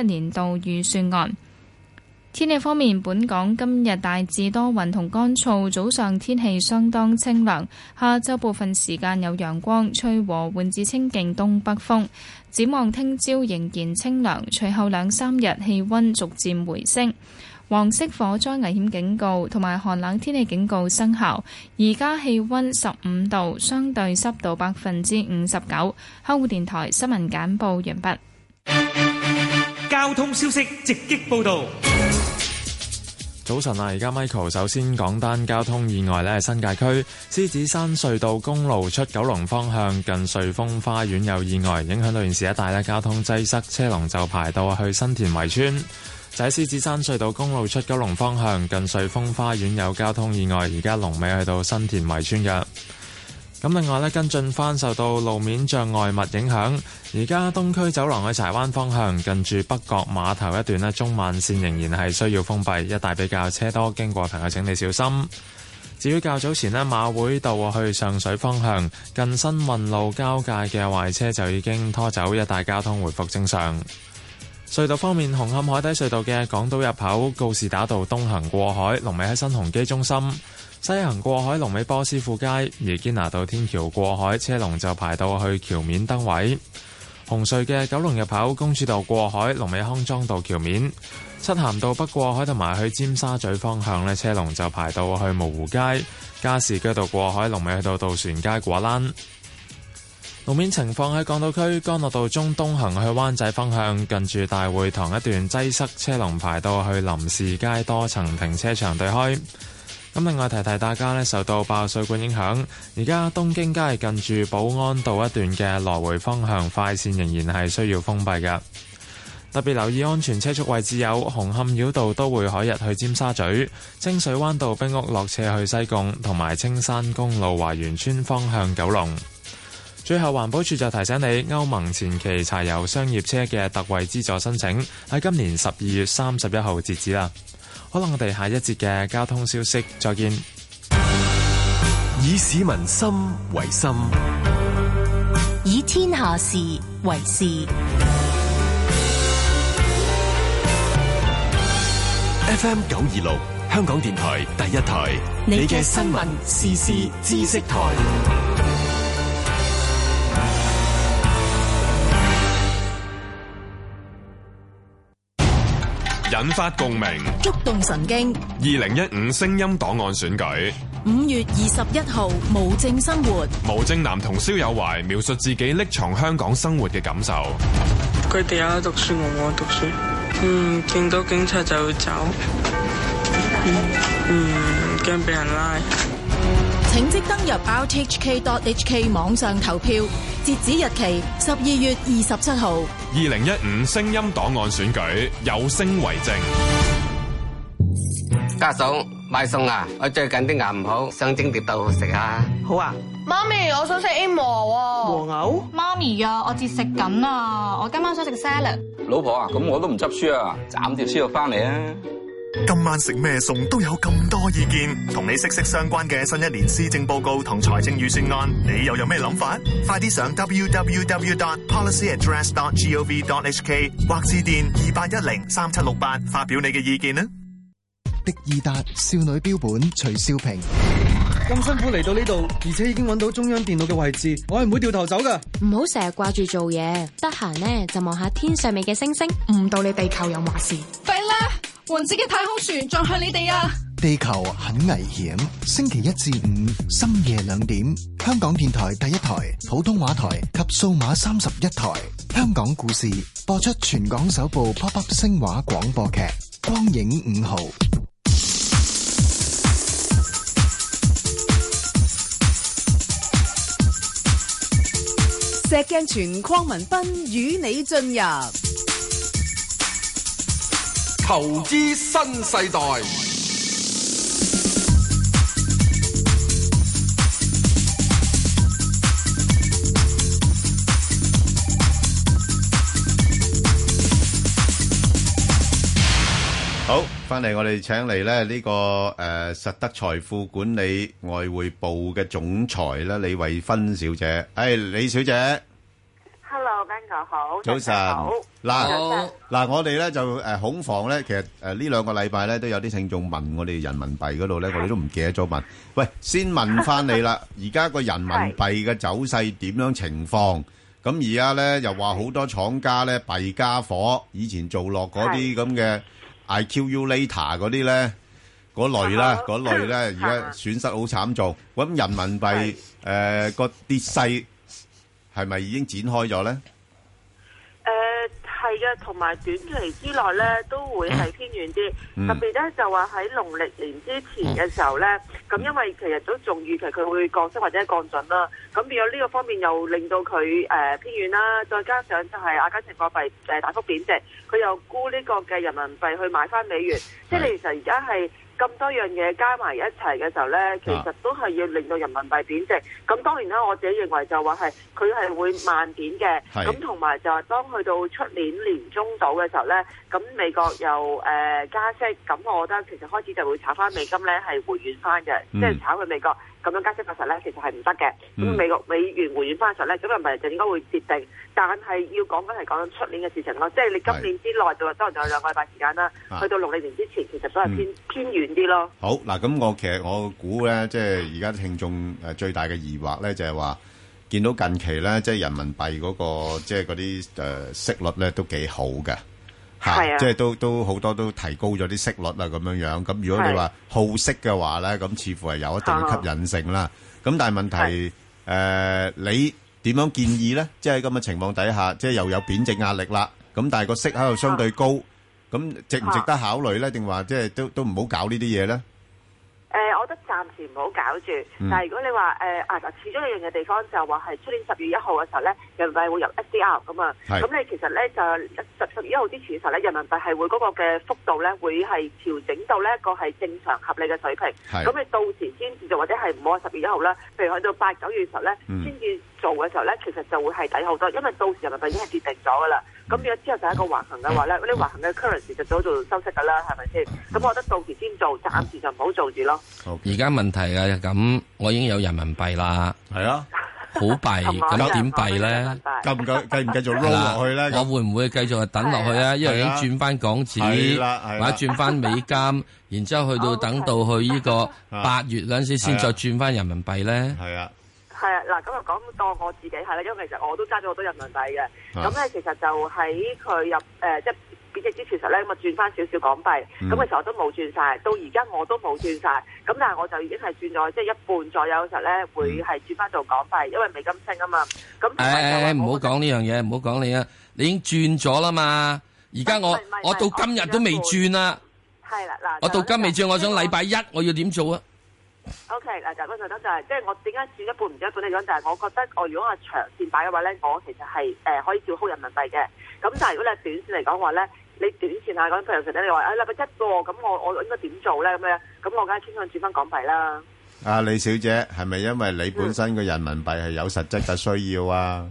一年度預算案。天氣方面，本港今日大致多雲同乾燥，早上天氣相當清涼，下晝部分時間有陽光，吹和緩至清勁東北風。展望聽朝仍然清涼，隨後兩三日氣温逐漸回升。黃色火災危險警告同埋寒冷天氣警告生效。而家氣温十五度，相對濕度百分之五十九。香港電台新聞簡報完畢。交通消息直擊報道。早晨啊，而家 Michael 首先講單交通意外呢。係新界區獅子山隧道公路出九龍方向近瑞豐花園有意外，影響到現時一帶呢，交通擠塞，車龍就排到去新田圍村。就喺獅子山隧道公路出九龍方向近瑞豐花園有交通意外，而家龍尾去到新田圍村嘅。咁另外咧，跟進翻受到路面障礙物影響，而家東區走廊喺柴灣方向近住北角碼頭一段咧，中慢線仍然係需要封閉，一帶比較車多，經過朋友請你小心。至於較早前咧，馬會道去上水方向近新運路交界嘅壞車就已經拖走，一帶交通回復正常。隧道方面，紅磡海底隧道嘅港島入口告士打道東行過海，龍尾喺新鴻基中心。西行過海龍尾波斯富街，而堅拿道天橋過海車龍就排到去橋面燈位。紅隧嘅九龍入口公主道過海龍尾康莊道橋面，漆咸道北過海同埋去尖沙咀方向呢車龍就排到去蕪湖街。加士居道過海龍尾去到渡船街果欄。路面情況喺港島區，干諾道中東行去灣仔方向，近住大會堂一段擠塞，車龍排到去林士街多層停車場對開。咁另外提提大家咧，受到爆水管影響，而家東京街近住保安道一段嘅來回方向快線仍然係需要封閉噶，特別留意安全車速位置有紅磡繞道都會海逸去尖沙咀、清水灣道、冰屋落斜去西貢同埋青山公路華園村方向九龍。最後環保署就提醒你，歐盟前期柴油商業車嘅特惠資助申請，喺今年十二月三十一號截止啦。可能我哋下一節嘅交通消息再見。以市民心為心，以天下事為事。FM 九二六，香港電台第一台，你嘅新聞時事知識台。引發共鳴，觸動神經。二零一五聲音檔案選舉，五月二十一號，無證生活，無證男童蕭友懷描述自己匿藏香港生活嘅感受。佢哋有愛讀書，我冇愛讀書。嗯，見到警察就會走。嗯，驚、嗯、俾人拉。請即登入 rthk.hk 網上投票，截止日期十二月二十七號。二零一五聲音檔案選舉，有聲為證。家嫂買餸啦，我最近啲牙唔好，想整碟豆腐食下。好啊，媽咪，我想食 A 毛啊，和牛。媽咪啊，我節食緊啊，我今晚想食 salad。老婆啊，咁我都唔執輸啊，斬碟燒肉翻嚟啊！今晚食咩餸都有咁多意見，同你息息相關嘅新一年施政報告同財政預算案，你又有咩諗法？快啲上 www dot policyaddress dot gov dot hk 或致電二八一零三七六八發表你嘅意見。呢的爾達少女標本，徐少平咁辛苦嚟到呢度，而且已經揾到中央電腦嘅位置，我係唔會掉頭走噶。唔好成日掛住做嘢，得閒呢就望下天上面嘅星星，唔到你地球有話事。啦！王子嘅太空船撞向你哋啊！地球很危險。星期一至五深夜兩點，香港電台第一台普通話台及數碼三十一台《香港故事》播出全港首部 Pop Up 聲話廣播劇《光影五號》石鏡。石鏡泉鄺民彬與你進入。投資新世代，好，翻嚟我哋請嚟咧呢個誒實德財富管理外匯部嘅總裁啦，李慧芬小姐，誒李小姐。hello，Ben 哥好，早晨，嗱好，嗱我哋咧就誒恐防咧，其實誒呢兩個禮拜咧都有啲聽眾問我哋人民幣嗰度咧，我哋都唔記得咗問。喂，先問翻你啦，而家個人民幣嘅走勢點樣情況？咁而家咧又話好多廠家咧弊傢伙，以前做落嗰啲咁嘅 Accumulator 嗰啲咧，嗰類啦，嗰類咧而家損失好慘重。咁人民幣誒個跌勢。係咪已經展開咗呢？誒係嘅，同埋短期之內呢都會係偏遠啲，嗯、特別呢，就話喺農曆年之前嘅時候呢，咁、嗯、因為其實都仲預期佢會降息或者降準啦，咁變咗呢個方面又令到佢誒、呃、偏遠啦，再加上就係阿根廷國幣誒大幅貶值，佢又沽呢個嘅人民幣去買翻美元，嗯、即你其實而家係。咁多樣嘢加埋一齊嘅時候呢，其實都係要令到人民幣貶值。咁當然啦，我自己認為就話係佢係會慢點嘅。咁同埋就係、是、當去到出年年中度嘅時候呢，咁美國又誒、呃、加息，咁我覺得其實開始就會炒翻美金呢係回軟翻嘅，嗯、即係炒去美國。咁樣加息確實咧，其實係唔得嘅。咁、嗯、美國美元回軟翻實咧，咁又咪就應該會設定？但係要講緊係講緊出年嘅事情咯，即係你今年之內就是當然仲有兩個禮拜時間啦。啊、去到六、七年之前，其實都係偏、嗯、偏遠啲咯。好嗱，咁我其實我估咧，即係而家聽眾誒最大嘅疑惑咧，就係、係、話見到近期咧，即係人民幣嗰、嗰個即係嗰啲誒息率咧都幾好嘅。係，即係都都好多都提高咗啲息率啦，咁樣樣。咁如果你話好息嘅話咧，咁似乎係有一定嘅吸引性啦。咁的但係問題誒的、呃，你點樣建議咧？即係喺咁嘅情況底下，即係又有貶值壓力啦。咁但係個息喺度相對高，咁的值唔值得考慮咧？定話即係都都唔好搞呢啲嘢咧？我覺得暫時唔好搞住，但係如果你話誒啊，始終一樣嘅地方就話係出年十月一號嘅時候咧，人民幣會入 SDR 㗎嘛，咁你其實咧就十十月一號之前嘅時候咧，人民幣係會嗰個嘅幅度咧會係調整到呢一個係正常合理嘅水平，咁是你到時先至做，或者係唔好話十月一號啦，譬如去到八九月十時咧，先至做嘅時候咧、嗯，其實就會係抵好多，因為到時人民幣已經係跌定咗噶啦。 (laughs) 咁之後就係一個橫行嘅話咧，呢橫行嘅 current 就早做收息噶啦，係咪先？咁我覺得到期先做，暫時就唔好做住咯。好，而家問題啊，咁我已經有人民幣啦，係啊，好幣咁點幣咧？夠唔夠？繼唔繼續撈落去咧？我會唔會繼續等落去啊？因為想轉翻港紙，或者轉翻美金，然之後去到等到去呢個八月嗰陣時，先再轉翻人民幣咧？係啊。係啦，嗱、啊，咁又講到我自己係啦，因為其實我都揸咗好多人民幣嘅，咁咧、啊、其實就喺佢入誒即係結息之前實咧咁啊轉翻少少港幣，咁、嗯、其實我都冇轉晒，到而家我都冇轉晒。咁但係我就已經係轉咗，即、就、係、是、一半左右時候咧會係轉翻做港幣，因為美金升啊嘛。咁誒兩位唔好講呢樣嘢，唔好講你啊，你已經轉咗啦嘛，而家我我到今日都未轉啊，係啦嗱，我到今未轉，我，我想禮拜一我要點做啊？O K，嗱，就嗰陣得就係，即係我點解轉一半唔轉一半咧？咁就係、是、我覺得，我如果係長線擺嘅話咧，我其實係誒、呃、可以照顧人民幣嘅。咁但係如果你係短線嚟講話咧，你短線下嗰譬如成咧，你話哎嗱個一個咁，我應該我應該點做咧咁樣？咁我梗係傾向轉翻港幣啦。阿、啊、李小姐，係咪因為你本身嘅人民幣係有實質嘅需要啊？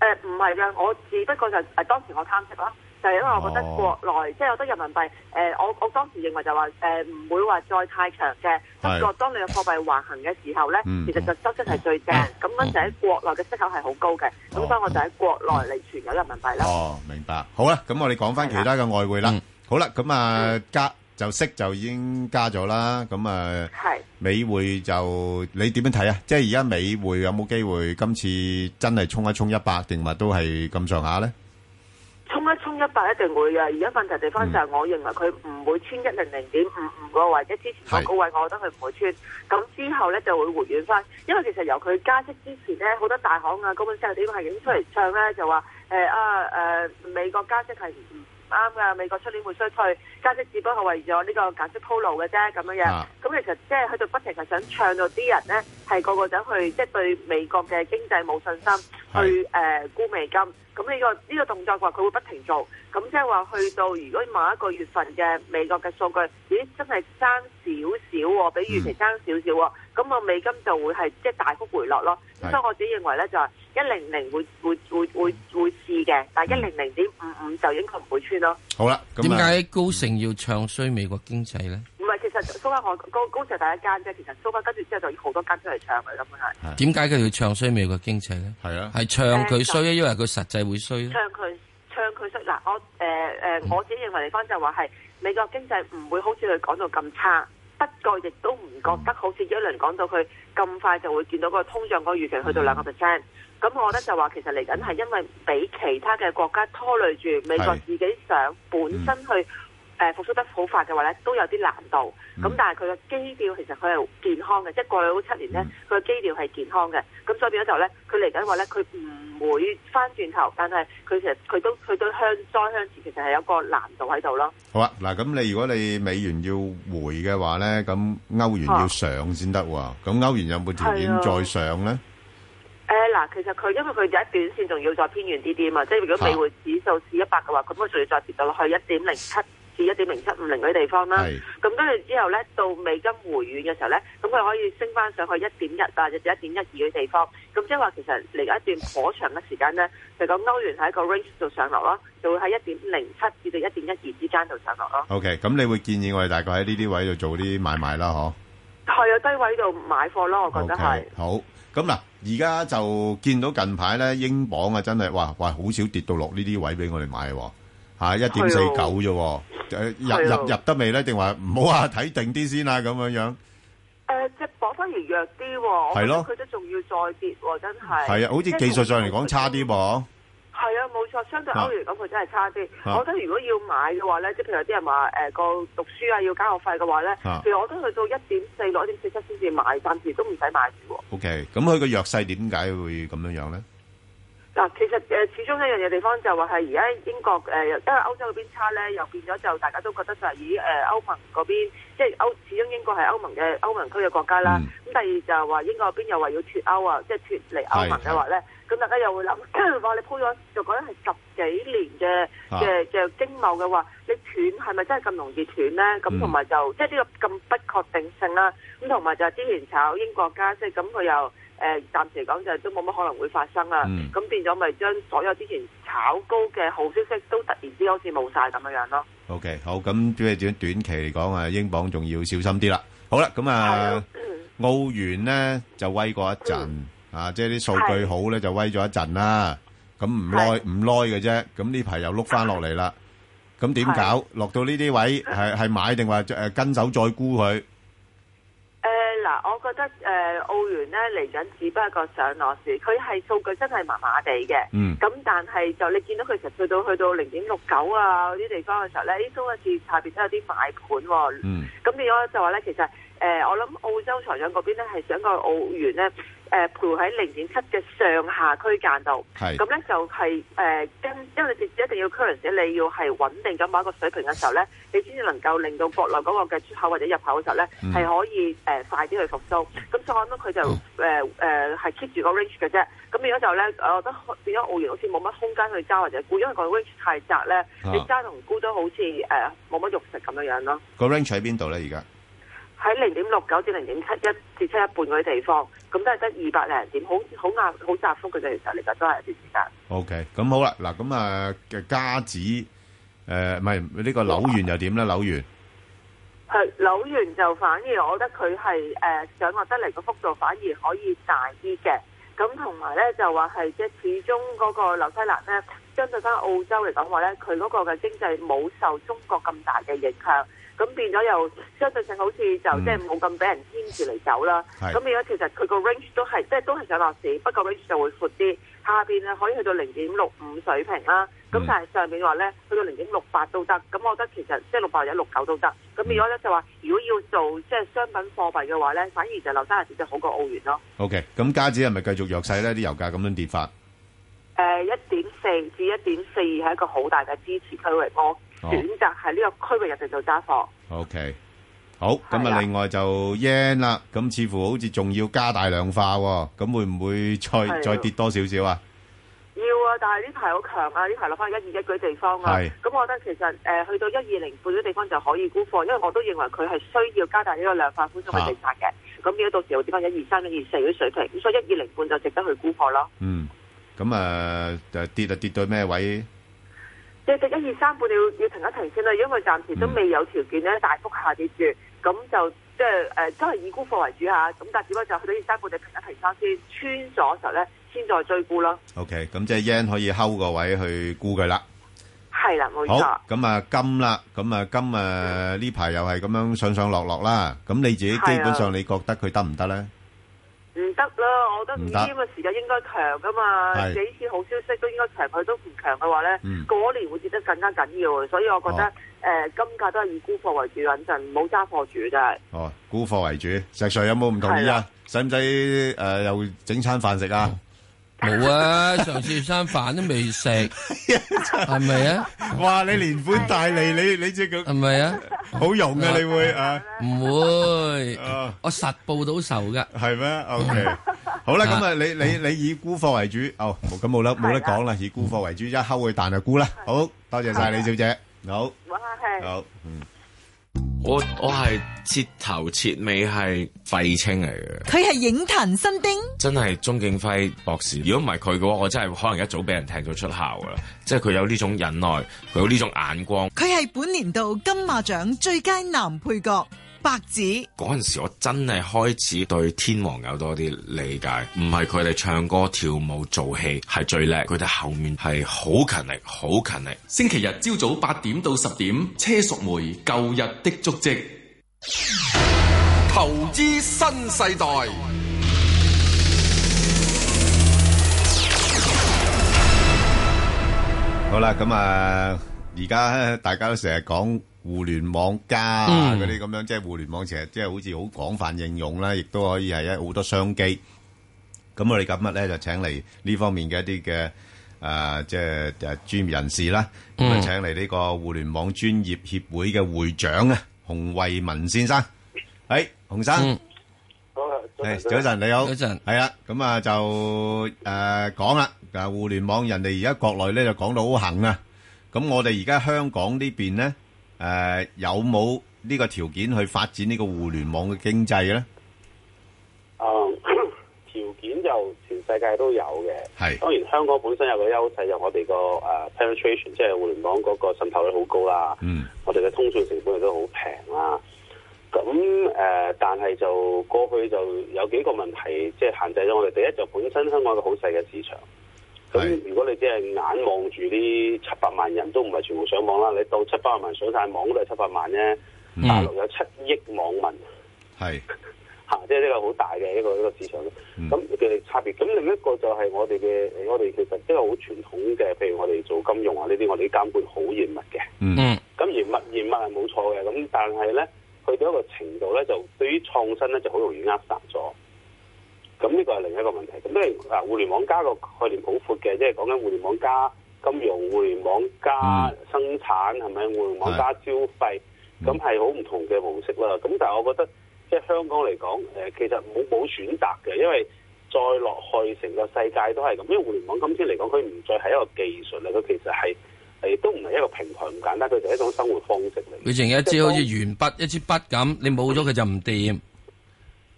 誒、嗯，唔係噶，我只不過就係、是呃、當時我貪息啦。就係因為我覺得國內即係我覺得人民幣誒，我我當時認為就話誒唔會話再太強嘅。不過當你個貨幣橫行嘅時候咧，其實就收息係最正。咁樣就喺國內嘅息口係好高嘅，咁所以我就喺國內嚟存有人民幣啦。哦，明白。好啦，咁我哋講翻其他嘅外匯啦。好啦，咁啊加就息就已經加咗啦。咁啊，美匯就你點樣睇啊？即係而家美匯有冇機會今次真係衝一衝一百，定或都係咁上下咧？衝一。一八一定會嘅，而家問題地方就係，我認為佢唔會穿一零零點五五個，或者之前嗰個位，我覺得佢唔會穿。咁是之後咧就會回軟翻，因為其實由佢加息之前咧，好多大行啊、高門息啊啲都係影出嚟唱咧，就話誒啊誒，美國加息係唔。啱噶，美國出年會衰退，加息只不過係為咗呢個簡直鋪路嘅啫，咁樣樣。咁、啊、其實即係佢就係、不停係想唱到啲人呢，係個個去就去即係對美國嘅經濟冇信心，去誒沽、呃、美金。咁呢、這個呢、這個動作嘅話，佢會不停做。咁即係話去到如果某一個月份嘅美國嘅數據，咦，真係爭少少喎，比預期爭少少喎。嗯咁我美金就會係即係大幅回落咯，是所以我自己認為咧就係一零零會會會會會試嘅，但一零零點五五就應該唔會穿咯。好啦，點解高盛要唱衰美國經濟咧？唔係，其實蘇格蘭我高高盛第一間啫，其實蘇格蘭跟住之後就好多間出嚟唱嘅根本係。點解佢要唱衰美國經濟咧？係啊，係唱佢衰，因為佢實際會衰。嗯嗯、唱佢唱佢衰嗱，我誒誒、呃呃，我自己認為地方就係話係美國經濟唔會好似佢講到咁差。一個亦都唔覺得好似耶倫講到佢咁快就會見到個通脹個預期去到兩個 percent，咁我呢就話其實嚟緊係因為俾其他嘅國家拖累住、mm，hmm. 美國自己想本身去。誒復甦得好快嘅話咧，都有啲難度。咁、嗯、但係佢嘅基調其實佢係健康嘅，嗯、即係過去七年咧，佢嘅基調係健康嘅。咁、嗯、所以變咗就咧，佢嚟緊話咧，佢唔會翻轉頭，但係佢其實佢都佢都向再向前，其實係有個難度喺度咯。好啊，嗱，咁你如果你美元要回嘅話咧，咁歐元要上先得喎。咁、啊、歐元有冇條件再上咧？誒嗱、啊呃，其實佢因為佢喺短線仲要再偏遠啲啲啊嘛，即係如果美匯指數至一百嘅話，咁佢仲要再跌到落去一點零七。至一點零七五零嗰啲地方啦，咁跟住之後咧，到美金回軟嘅時候咧，咁佢可以升翻上去一點一，或者至一點一二嘅地方。咁即係話其實嚟一段頗長嘅時間咧，就講歐元喺個 range 度上落咯，就會喺一點零七至到一點一二之間度上落咯。OK，咁你會建議我哋大概喺呢啲位度做啲買賣啦，嗬？係啊，低位度買貨咯，我覺得係。好，咁嗱，而家就見到近排咧，英鎊啊，真係哇哇，好少跌到落呢啲位俾我哋買喎。啊，一點四九啫，入入入得未咧？定話唔好話睇定啲先啦，咁樣樣。誒，隻鎊反而弱啲喎，係咯，佢都仲要再跌喎，真係。係啊，好似技術上嚟講差啲噃。係啊，冇錯，相對歐元嚟講，佢真係差啲。我覺得如果要買嘅話咧，即係譬如有啲人話誒個讀書啊要交學費嘅話咧，其實我都去到一點四六、一點四七先至買，暫時都唔使買嘅喎。O K，咁佢個弱勢點解會咁樣樣咧？嗱，其實誒、呃、始終一樣嘢地方就話係而家英國誒、呃，因為歐洲嗰邊差咧，又變咗就大家都覺得就係咦誒歐盟嗰邊，即係歐始終英國係歐盟嘅歐盟區嘅國家啦。咁、嗯、第二就係話英國嗰邊又話要脫歐啊，即係脫離歐盟嘅話咧，咁大家又會諗話你鋪咗就覺得係十幾年嘅嘅嘅經貿嘅話，你斷係咪真係咁容易斷咧？咁同埋就、嗯、即係呢個咁不確定性啦、啊。咁同埋就係之前炒英國加息，咁佢又。又誒，暫時嚟講就都冇乜可能會發生啦，咁變咗咪將所有之前炒高嘅好消息都突然之間好似冇晒咁樣樣咯。OK，好，咁即係短短期嚟講啊，英鎊仲要小心啲啦。好啦，咁啊，澳元咧就威過一陣啊，即係啲數據好咧就威咗一陣啦。咁唔耐唔耐嘅啫，咁呢排又碌翻落嚟啦。咁點搞？落到呢啲位係係買定話誒跟手再沽佢？我覺得誒、呃、澳元咧嚟緊只不過上落市，佢係數據真係麻麻地嘅。嗯，咁但係就你見到佢其實到去到去到零點六九啊嗰啲地方嘅時候咧，啲收市下邊都有啲賣盤喎、哦。嗯，咁變咗就話咧，其實誒、呃、我諗澳洲財長嗰邊咧係想過澳元咧。誒，徘徊喺零點七嘅上下區間度，咁咧是就係誒跟，因為你直接一定要 current 者，你要係穩定咗某一個水平嘅時候咧，你先至能夠令到國內嗰個嘅出口或者入口嘅時候咧，係、嗯、可以誒、呃、快啲去復甦。咁所以咁樣佢就誒誒係 keep 住個 range 嘅啫。咁變咗就咧，我覺得變咗澳元好似冇乜空間去揸或者沽，因為個 range 太窄咧，啊、你揸同沽都好似誒冇乜肉食咁樣樣咯。啊、個 range 喺邊度咧？而家？喺零點六九至零點七一至七一半嗰啲地方，咁都係得二百零點，好好壓好窄幅嘅。其實嚟講都係一段時間。O K。咁好啦，嗱咁啊嘅加指，誒唔係呢個紐元又點咧？紐元係紐元就反而，我覺得佢係誒上落得嚟個幅度反而可以大啲嘅。咁同埋咧就話係即係始終嗰個紐西蘭咧，相對翻澳洲嚟講話咧，佢嗰個嘅經濟冇受中國咁大嘅影響。咁變咗又相對性好似就、嗯、即係冇咁俾人牽住嚟走啦。咁變咗其實佢個 range 都係即係都係上落市，不過 range 就會闊啲。下邊啊可以去到零點六五水平啦。咁但係上邊話咧去到零點六八都得。咁我覺得其實即係六八或者六九都得。咁變咗咧就話如果要做即係商品貨幣嘅話咧，反而就紐西蘭元就好過澳元咯。OK，咁加紙係咪繼續弱勢咧？啲油價咁樣跌法？誒、呃，一點四至一點四係一個好大嘅支持區域哦、選擇喺呢個區域入邊做揸貨。OK，好，咁啊的、嗯，另外就 yen 啦，咁似乎好似仲要加大量化，咁會唔會再再跌多少少啊？要啊，但係呢排好強啊，呢排落翻一二一嗰啲地方啊，咁我覺得其實，誒，去到一二零半啲地方就可以沽貨，因為我都認為佢係需要加大呢個量化寬鬆嘅政策嘅，咁如果到時候跌翻一二三、一二四啲水平，咁所以一二零半就值得去沽貨咯。嗯，咁啊，誒，跌就跌到咩位？即係一、二、三半，你要要停一停先啦，如果佢暫時都未有條件咧大幅下跌住，咁就即係誒都係以沽貨為主吓，咁但係只不過就去到二三半，就停一停先，穿咗嘅時候咧，先再追沽囉。OK，咁即係 yen 可以 hold 個位去沽佢啦。係啦，冇錯。好，咁啊金啦，咁啊金啊呢排又係咁樣上上落落啦，咁你自己基本上你覺得佢得唔得咧？唔得啦，我覺得呢啲嘅時間應該強噶嘛，是幾次好消息都應該強，佢都唔強嘅話咧，過、嗯、年會跌得更加緊要，所以我覺得誒金價都係以沽貨為主，穩陣，好揸貨住嘅。哦，沽貨為主，石 s 有冇唔同意的、呃、啊？使唔使誒又整餐飯食啊？冇啊！上次餐飯都未食，係咪啊？哇！你連本帶利，你你隻腳係咪啊？好用噶，你會啊？唔會，我實報到仇噶。係咩？OK。好啦，咁啊，你你你以沽貨為主哦，咁冇得冇得講啦，以沽貨為主，一摳佢彈就沽啦。好多謝晒李小姐，好，好，嗯。我我係徹頭徹尾係廢青嚟嘅，佢係影壇新丁，真係鍾景輝博士。如果唔係佢嘅話，我真係可能一早俾人踢咗出校㗎啦。即係佢有呢種忍耐，佢有呢種眼光。佢係本年度金馬獎最佳男配角。白紙嗰陣時，我真係開始對天王有多啲理解，唔係佢哋唱歌跳舞做戲係最叻，佢哋後面係好勤力，好勤力。星期日朝早八點到十點，車淑梅《舊日的足跡》，投資新世代。好啦，咁啊，而家大家都成日講。互聯網加嗰啲咁樣，即係互聯網，其實即係好似好廣泛應用啦，亦都可以係一好多商機。咁我哋今日咧就請嚟呢方面嘅一啲嘅誒，即係誒專業人士啦。咁啊，請嚟呢個互聯網專業協會嘅會長啊，洪為民先生。誒，洪生，好啊，早晨，早晨，你好，早晨，係啊。咁啊，就誒講啊，誒互聯網，人哋而家國內咧就講到好興啊。咁我哋而家香港呢邊咧？誒、呃，有冇呢個條件去發展呢個互聯網嘅經濟咧？啊、嗯，條件就全世界都有嘅。係是，當然香港本身有個優勢，uh, 就我哋個誒 penetration，即係互聯網嗰個滲透率好高啦。嗯，我哋嘅通訊成本亦都好平啦。咁誒、呃，但係就過去就有幾個問題，即、就、係、是、限制咗我哋。第一就是、本身香港個好細嘅市場。咁如果你只係眼望住呢七百萬人都唔係全部上網啦，你到七百萬上晒網都係七百萬啫，大陸有七億網民，係吓、嗯，即係呢個好大嘅一個一、這個市場。咁嘅，這個、差別，咁另一個就係我哋嘅，我哋其實即係好傳統嘅，譬如我哋做金融啊呢啲，我哋監管好嚴密嘅。嗯，咁嚴密嚴密係冇錯嘅，咁但係咧去到一個程度咧，就對於創新咧就好容易扼殺咗。咁呢個係另一個問題。咁當然，啊，互聯網加個概念好闊嘅，即係講緊互聯網加金融、互聯網加生產，係咪、嗯？互聯網加消費，咁係好唔同嘅模式啦。咁、嗯、但係我覺得，即係香港嚟講，誒，其實冇冇選擇嘅，因為再落去，成個世界都係咁。因為互聯網今天嚟講，佢唔再係一個技術嚟，佢其實係誒，都唔係一個平台咁簡單，佢就係一種生活方式嚟。你淨係一支好似鉛筆一支筆咁，你冇咗佢就唔掂。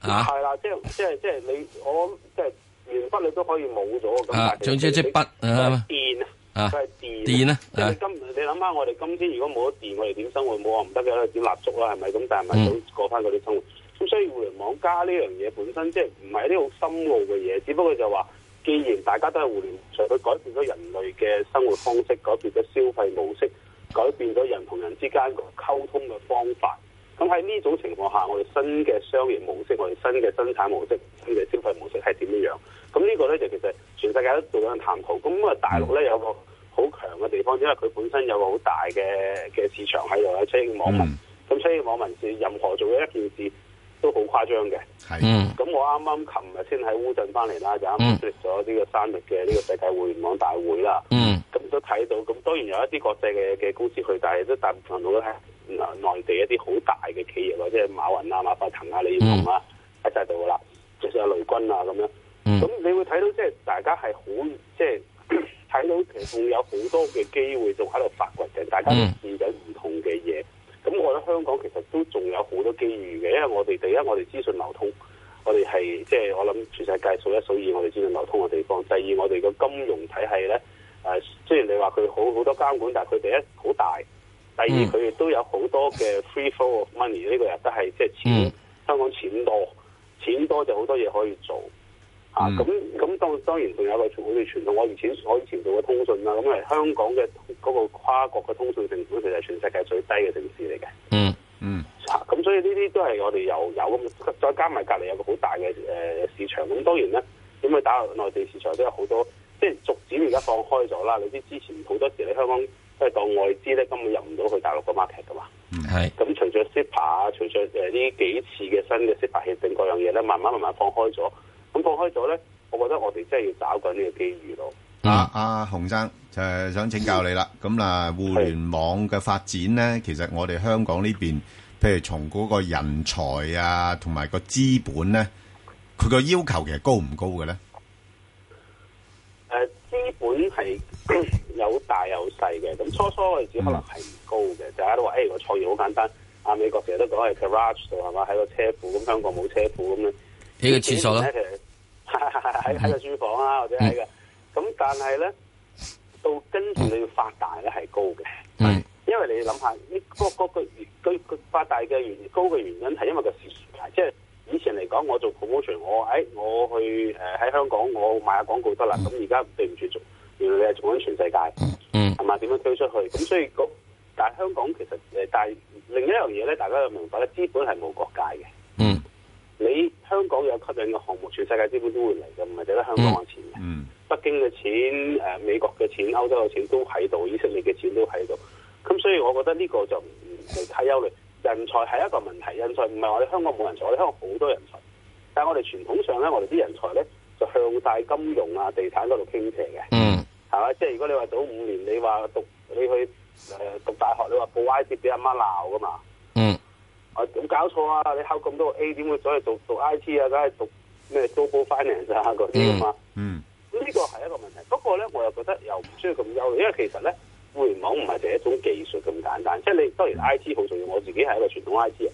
係啦，即係即係即係你我即係鉛筆，你都可以冇咗咁。啊，即係即係筆啊，電啊，都係電。電咧，你今、啊、你諗下，啊、我哋今天如果冇咗電，我哋點生活冇話唔得嘅啦，點蠟燭啦，係咪咁？但係咪都過翻嗰啲生活？咁、嗯、所以互聯網加呢樣嘢本身即係唔係一啲好深奧嘅嘢，只不過就話、是，既然大家都係互聯網，就去改變咗人類嘅生活方式，改變咗消費模式，改變咗人同人之間個溝通嘅方法。咁喺呢種情況下，我哋新嘅商業模式，我哋新嘅生產模式，呢個消費模式係點樣？咁呢個咧就其實全世界都做緊探討。咁啊大陸咧、嗯、有個好強嘅地方，因為佢本身有個好大嘅嘅市場喺度，出現網民。咁、嗯，所以網民是任何做嘅一件事都好誇張嘅。的嗯。咁我啱啱琴日先喺烏鎮翻嚟啦，嗯、就啱啱出席咗呢個三力嘅呢個世界互聯網大會啦。嗯。咁、嗯、都睇到，咁當然有一啲國際嘅嘅公司去，但係都大部分都係。內地一啲好大嘅企業，或者馬雲啊、馬化騰啊、李彥宏啊，喺曬度噶啦。就算阿雷軍啊咁樣，咁、嗯、你會睇到即係大家係好即係睇到，其實仲有好多嘅機會仲喺度發掘緊。大家都試緊唔同嘅嘢，咁、嗯、我覺得香港其實都仲有好多機遇嘅。因為我哋第一，我哋資訊流通，我哋係即係我諗全世界數一數二，我哋資訊流通嘅地方。第二，我哋個金融體系咧，誒雖然你話佢好好多監管，但係佢第一好大。第二，佢亦都有好多嘅 free flow of money 呢個日都係即係錢，嗯、香港錢多，錢多就好多嘢可以做。嗯、啊，咁咁當當然仲有個我嘅傳統，我以前我以前做嘅通訊啦。咁啊，香港嘅嗰、嗰個跨國嘅通訊成本其實係全世界最低嘅城市嚟嘅、嗯。嗯嗯，咁、啊、所以呢啲都係我哋又有咁，再加埋隔離有個好大嘅誒、呃、市場。咁當然咧，點去打入內地市場都有好多，即係逐漸而家放開咗啦。你知之前好多時喺香港。即係當外資咧，根本入唔到去大陸個 market 噶嘛。嗯，係。咁隨着 SIPA 啊，隨着誒呢幾次嘅新嘅 SIPA 協定各樣嘢咧，慢慢慢慢放開咗。咁放開咗咧，我覺得我哋真係要抓緊呢個機遇咯。啊，阿洪生就係、是，想請教你啦。咁嗱，互聯網嘅發展咧，其實我哋香港呢邊，譬如從嗰個人才啊，同埋個資本咧，佢個要求其實高唔高嘅咧？資本係 (coughs) 有大有細嘅，咁初初嘅只可能係唔高嘅，嗯、大家都話誒個創業好簡單，啊美國成日都講係 garage 度係嘛，喺個車庫，咁香港冇車庫咁咧，喺個廁所咯，喺喺 (laughs) 個書房啊、嗯、或者喺嘅，咁、嗯嗯、但係咧到跟住你、嗯、要發大咧係高嘅，嗯、因為你要諗下呢嗰嗰個發大嘅原高嘅原因係因為個時即係。就是以前嚟講，我做 promotion，我、哎、誒，我去誒喺、呃、香港，我買下廣告得啦。咁而家對唔住，做原來你係做緊全世界，嗯，同埋點樣推出去？咁所以嗰但係香港其實誒，但係另一樣嘢咧，大家要明白咧，資本係冇國界嘅。嗯，你香港有吸引嘅項目，全世界資本都會嚟嘅，唔係就得香港嘅錢嘅、嗯。嗯，北京嘅錢，誒、呃，美國嘅錢，歐洲嘅錢都喺度，以色列嘅錢都喺度。咁所以我覺得呢個就唔係太憂慮。人才係一個問題，人才唔係我哋香港冇人才，我哋香港好多人才，但係我哋傳統上咧，我哋啲人才咧就向大金融啊、地產嗰度傾斜嘅，嗯，係嘛？即係如果你話早五年，你話讀你去誒、呃、讀大學，你話報 I T 俾阿媽鬧噶嘛，嗯，我點、啊、搞錯啊？你考咁多個 A，點會走去讀讀 I T 啊？梗係讀咩 o b 做做 Finance 啊嗰啲啊嘛，嗯，嗯，呢個係一個問題。不過咧，我又覺得又唔需要咁憂慮，因為其實咧。互聯網唔係淨係一種技術咁簡單，即係你當然 I T 好重要。我自己係一個傳統 I T 人，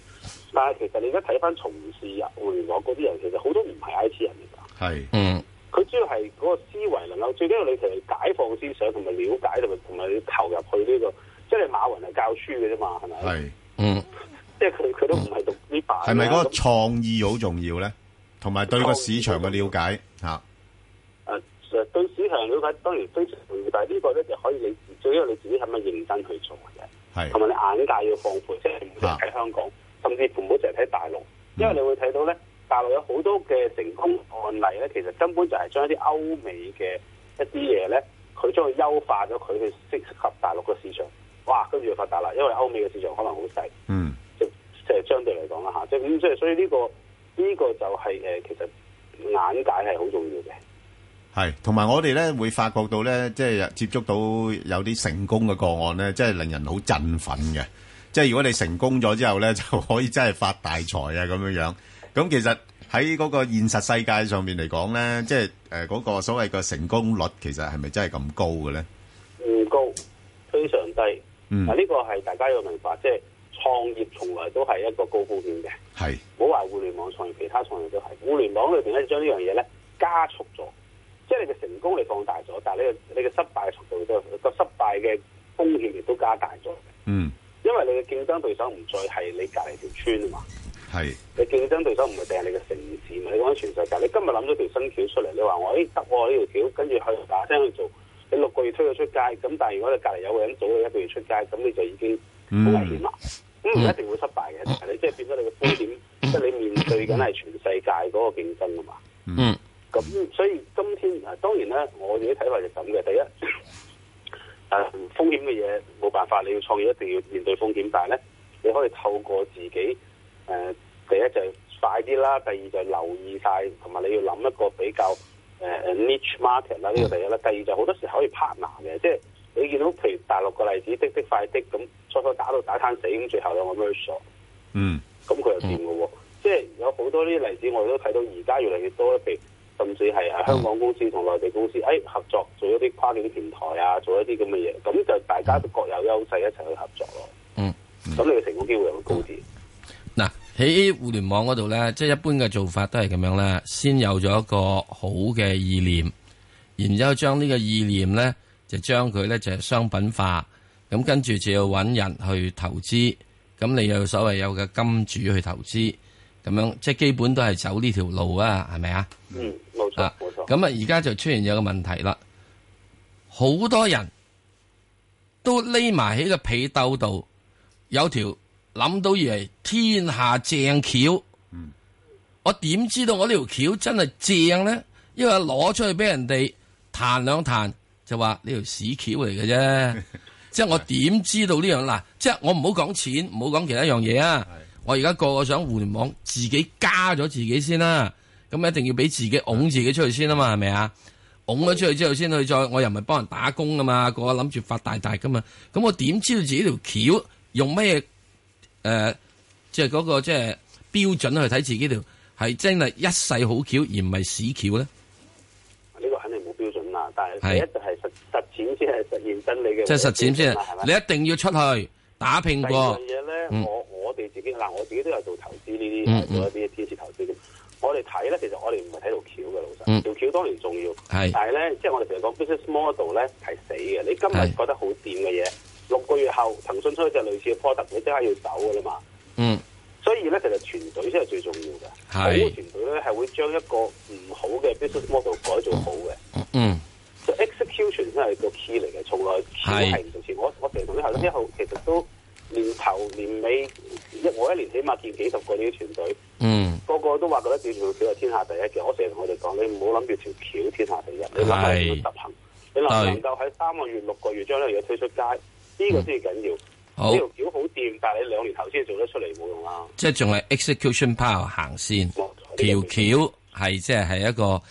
但係其實你而家睇翻從事互聯網嗰啲人，其實好多唔係 I T 人嚟㗎。係是，嗯，佢主要係嗰個思維能夠，最緊要你其實解放思想，同埋了解，同埋同埋你投入去呢個，即係馬雲係教書嘅啫嘛，係咪？係，嗯， (laughs) 即係佢佢都唔係讀呢把。係咪嗰個創意好重要咧？同埋對個市場嘅了解嚇。誒，其實對市場瞭解當然非常重要，但係呢個咧就可以你。主要你自己係咪認真去做嘅啫？同埋的你眼界要放闊，即係唔好淨係睇香港，啊、甚至唔好淨係睇大陸。因為你會睇到咧，大陸有好多嘅成功案例咧，其實根本就係將一啲歐美嘅一啲嘢咧，佢將優化咗佢去適合大陸嘅市場。哇！跟住就發達啦，因為歐美嘅市場可能好細。嗯，即即係相對嚟講啦吓，即係咁即係，所以呢、呢個呢、呢個就係、是、誒，其實眼界係好重要嘅。係，同埋我哋咧會發覺到咧，即係接觸到有啲成功嘅個案咧，即係令人好振奮嘅。即係如果你成功咗之後咧，就可以真係發大財啊咁樣樣。咁其實喺嗰個現實世界上面嚟講咧，即係誒嗰個所謂個成功率，其實係咪真係咁高嘅咧？唔高，非常低。嗯，啊呢個係大家要明白，即係創業從來都係一個高風險嘅。係，唔好話互聯網創業，其他創業都係。互聯網裏邊咧，將呢樣嘢咧加速咗。即係你嘅成功你放大咗，但係你你嘅失敗嘅程度都個失敗嘅風險亦都加大咗，嗯，因為你嘅競爭對手唔再係你隔籬條村啊嘛。係是，你競爭對手唔係淨係你嘅城市，嘛。你講緊全世界。你今日諗咗條新橋出嚟，你話我誒得呢條橋，跟住去大聲去做，你六個月推佢出街。咁但係如果你隔籬有個人早你一個月出街，咁你就已經好危險啦。咁唔、嗯、一定會失敗嘅，嗯、但你即係變咗你嘅風險，即係、嗯、你面對緊係全世界嗰個競爭啊嘛嗯。嗯。咁所以今天啊，當然咧，我自己睇法就咁嘅。第一，誒、 (laughs) 啊、風險嘅嘢冇辦法，你要創業一定要面對風險，但係咧，你可以透過自己誒、呃，第一就快啲啦，第二就留意晒，同埋你要諗一個比較誒誒、呃、niche market 啦，呢、這個第一啦。嗯、第二就好多時候可以 partner 嘅，即係你見到譬如大陸個例子、嗯、滴滴快的咁，初初打到打攤死，咁最後咧我咪 merge，嗯，咁佢又掂嘅喎，嗯、即係有好多啲例子，我哋都睇到而家越嚟越多譬如。甚至係香港公司同內地公司，嗯、哎合作做一啲跨境平台啊，做一啲咁嘅嘢，咁就大家都各有優勢，一齊去合作咯、嗯。嗯，咁你嘅成功機會會高啲。嗱、嗯，喺互聯網嗰度咧，即係一般嘅做法都係咁樣咧，先有咗一個好嘅意念，然之後將呢個意念咧，就將佢咧就係、商品化，咁跟住就要揾人去投資，咁你又所謂有嘅金主去投資。咁樣即係基本都係走呢條路啊，係咪啊？嗯，冇錯，冇錯。咁啊，而家就出現咗個問題啦，好多人都匿埋喺個被竇度，有條諗到以為天下正橋。嗯，我點知道我呢條橋真係正呢？因為攞出去俾人哋彈兩彈，就話呢條屎橋嚟嘅啫。即係我點知道呢樣嗱？即係我唔好講錢，唔好講其他樣嘢啊。 (laughs) 嗯我而家個個想互聯網自己加咗自己先啦，啊，咁一定要俾自己拱自己出去先啊嘛，係咪啊？拱咗出去之後先去再，我又唔係幫人打工噶嘛，個個諗住發大大噶嘛，咁我點知道自己條橋用咩？誒、呃，即係嗰個即係、即係嗰個即係、標準去睇自己條係真係一世好橋，而唔係屎橋咧？呢個肯定冇標準啦，但係第一就係實實踐先係實現真理嘅。即係實踐先，吧你一定要出去打拼過。嗯。我哋自己嗱，我自己都有做投資呢啲，做一啲天使投資嘅。我哋睇咧，其實我哋唔係睇條橋嘅老實。條橋當然重要，係，但係咧，即係我哋成日講 business model 咧係死嘅。你今日覺得好掂嘅嘢，六個月後騰訊出一隻類似嘅 product，你即刻要走嘅啦嘛。嗯。所以咧，其實團隊先係最重要嘅。係。好嘅團隊咧係會將一個唔好嘅 business model 改做好嘅。嗯。就 execution 先係個 key 嚟嘅，從來始終係唔同。我我成日同啲後生一號其實都。年頭年尾一我一年起碼見幾十個呢啲團隊，嗯、個個都話覺得條橋係天下第一嘅。我成日同我哋講：你唔好諗住條橋天下第一，你諗下點樣執行？是你能能夠喺三個月、六個月將呢樣嘢推出街，呢、呢個先係緊要。嗯、條橋好掂，但係你兩年頭先做得出嚟冇用啦。即係仲係 execution power 行先，哦、條橋係即係係一個。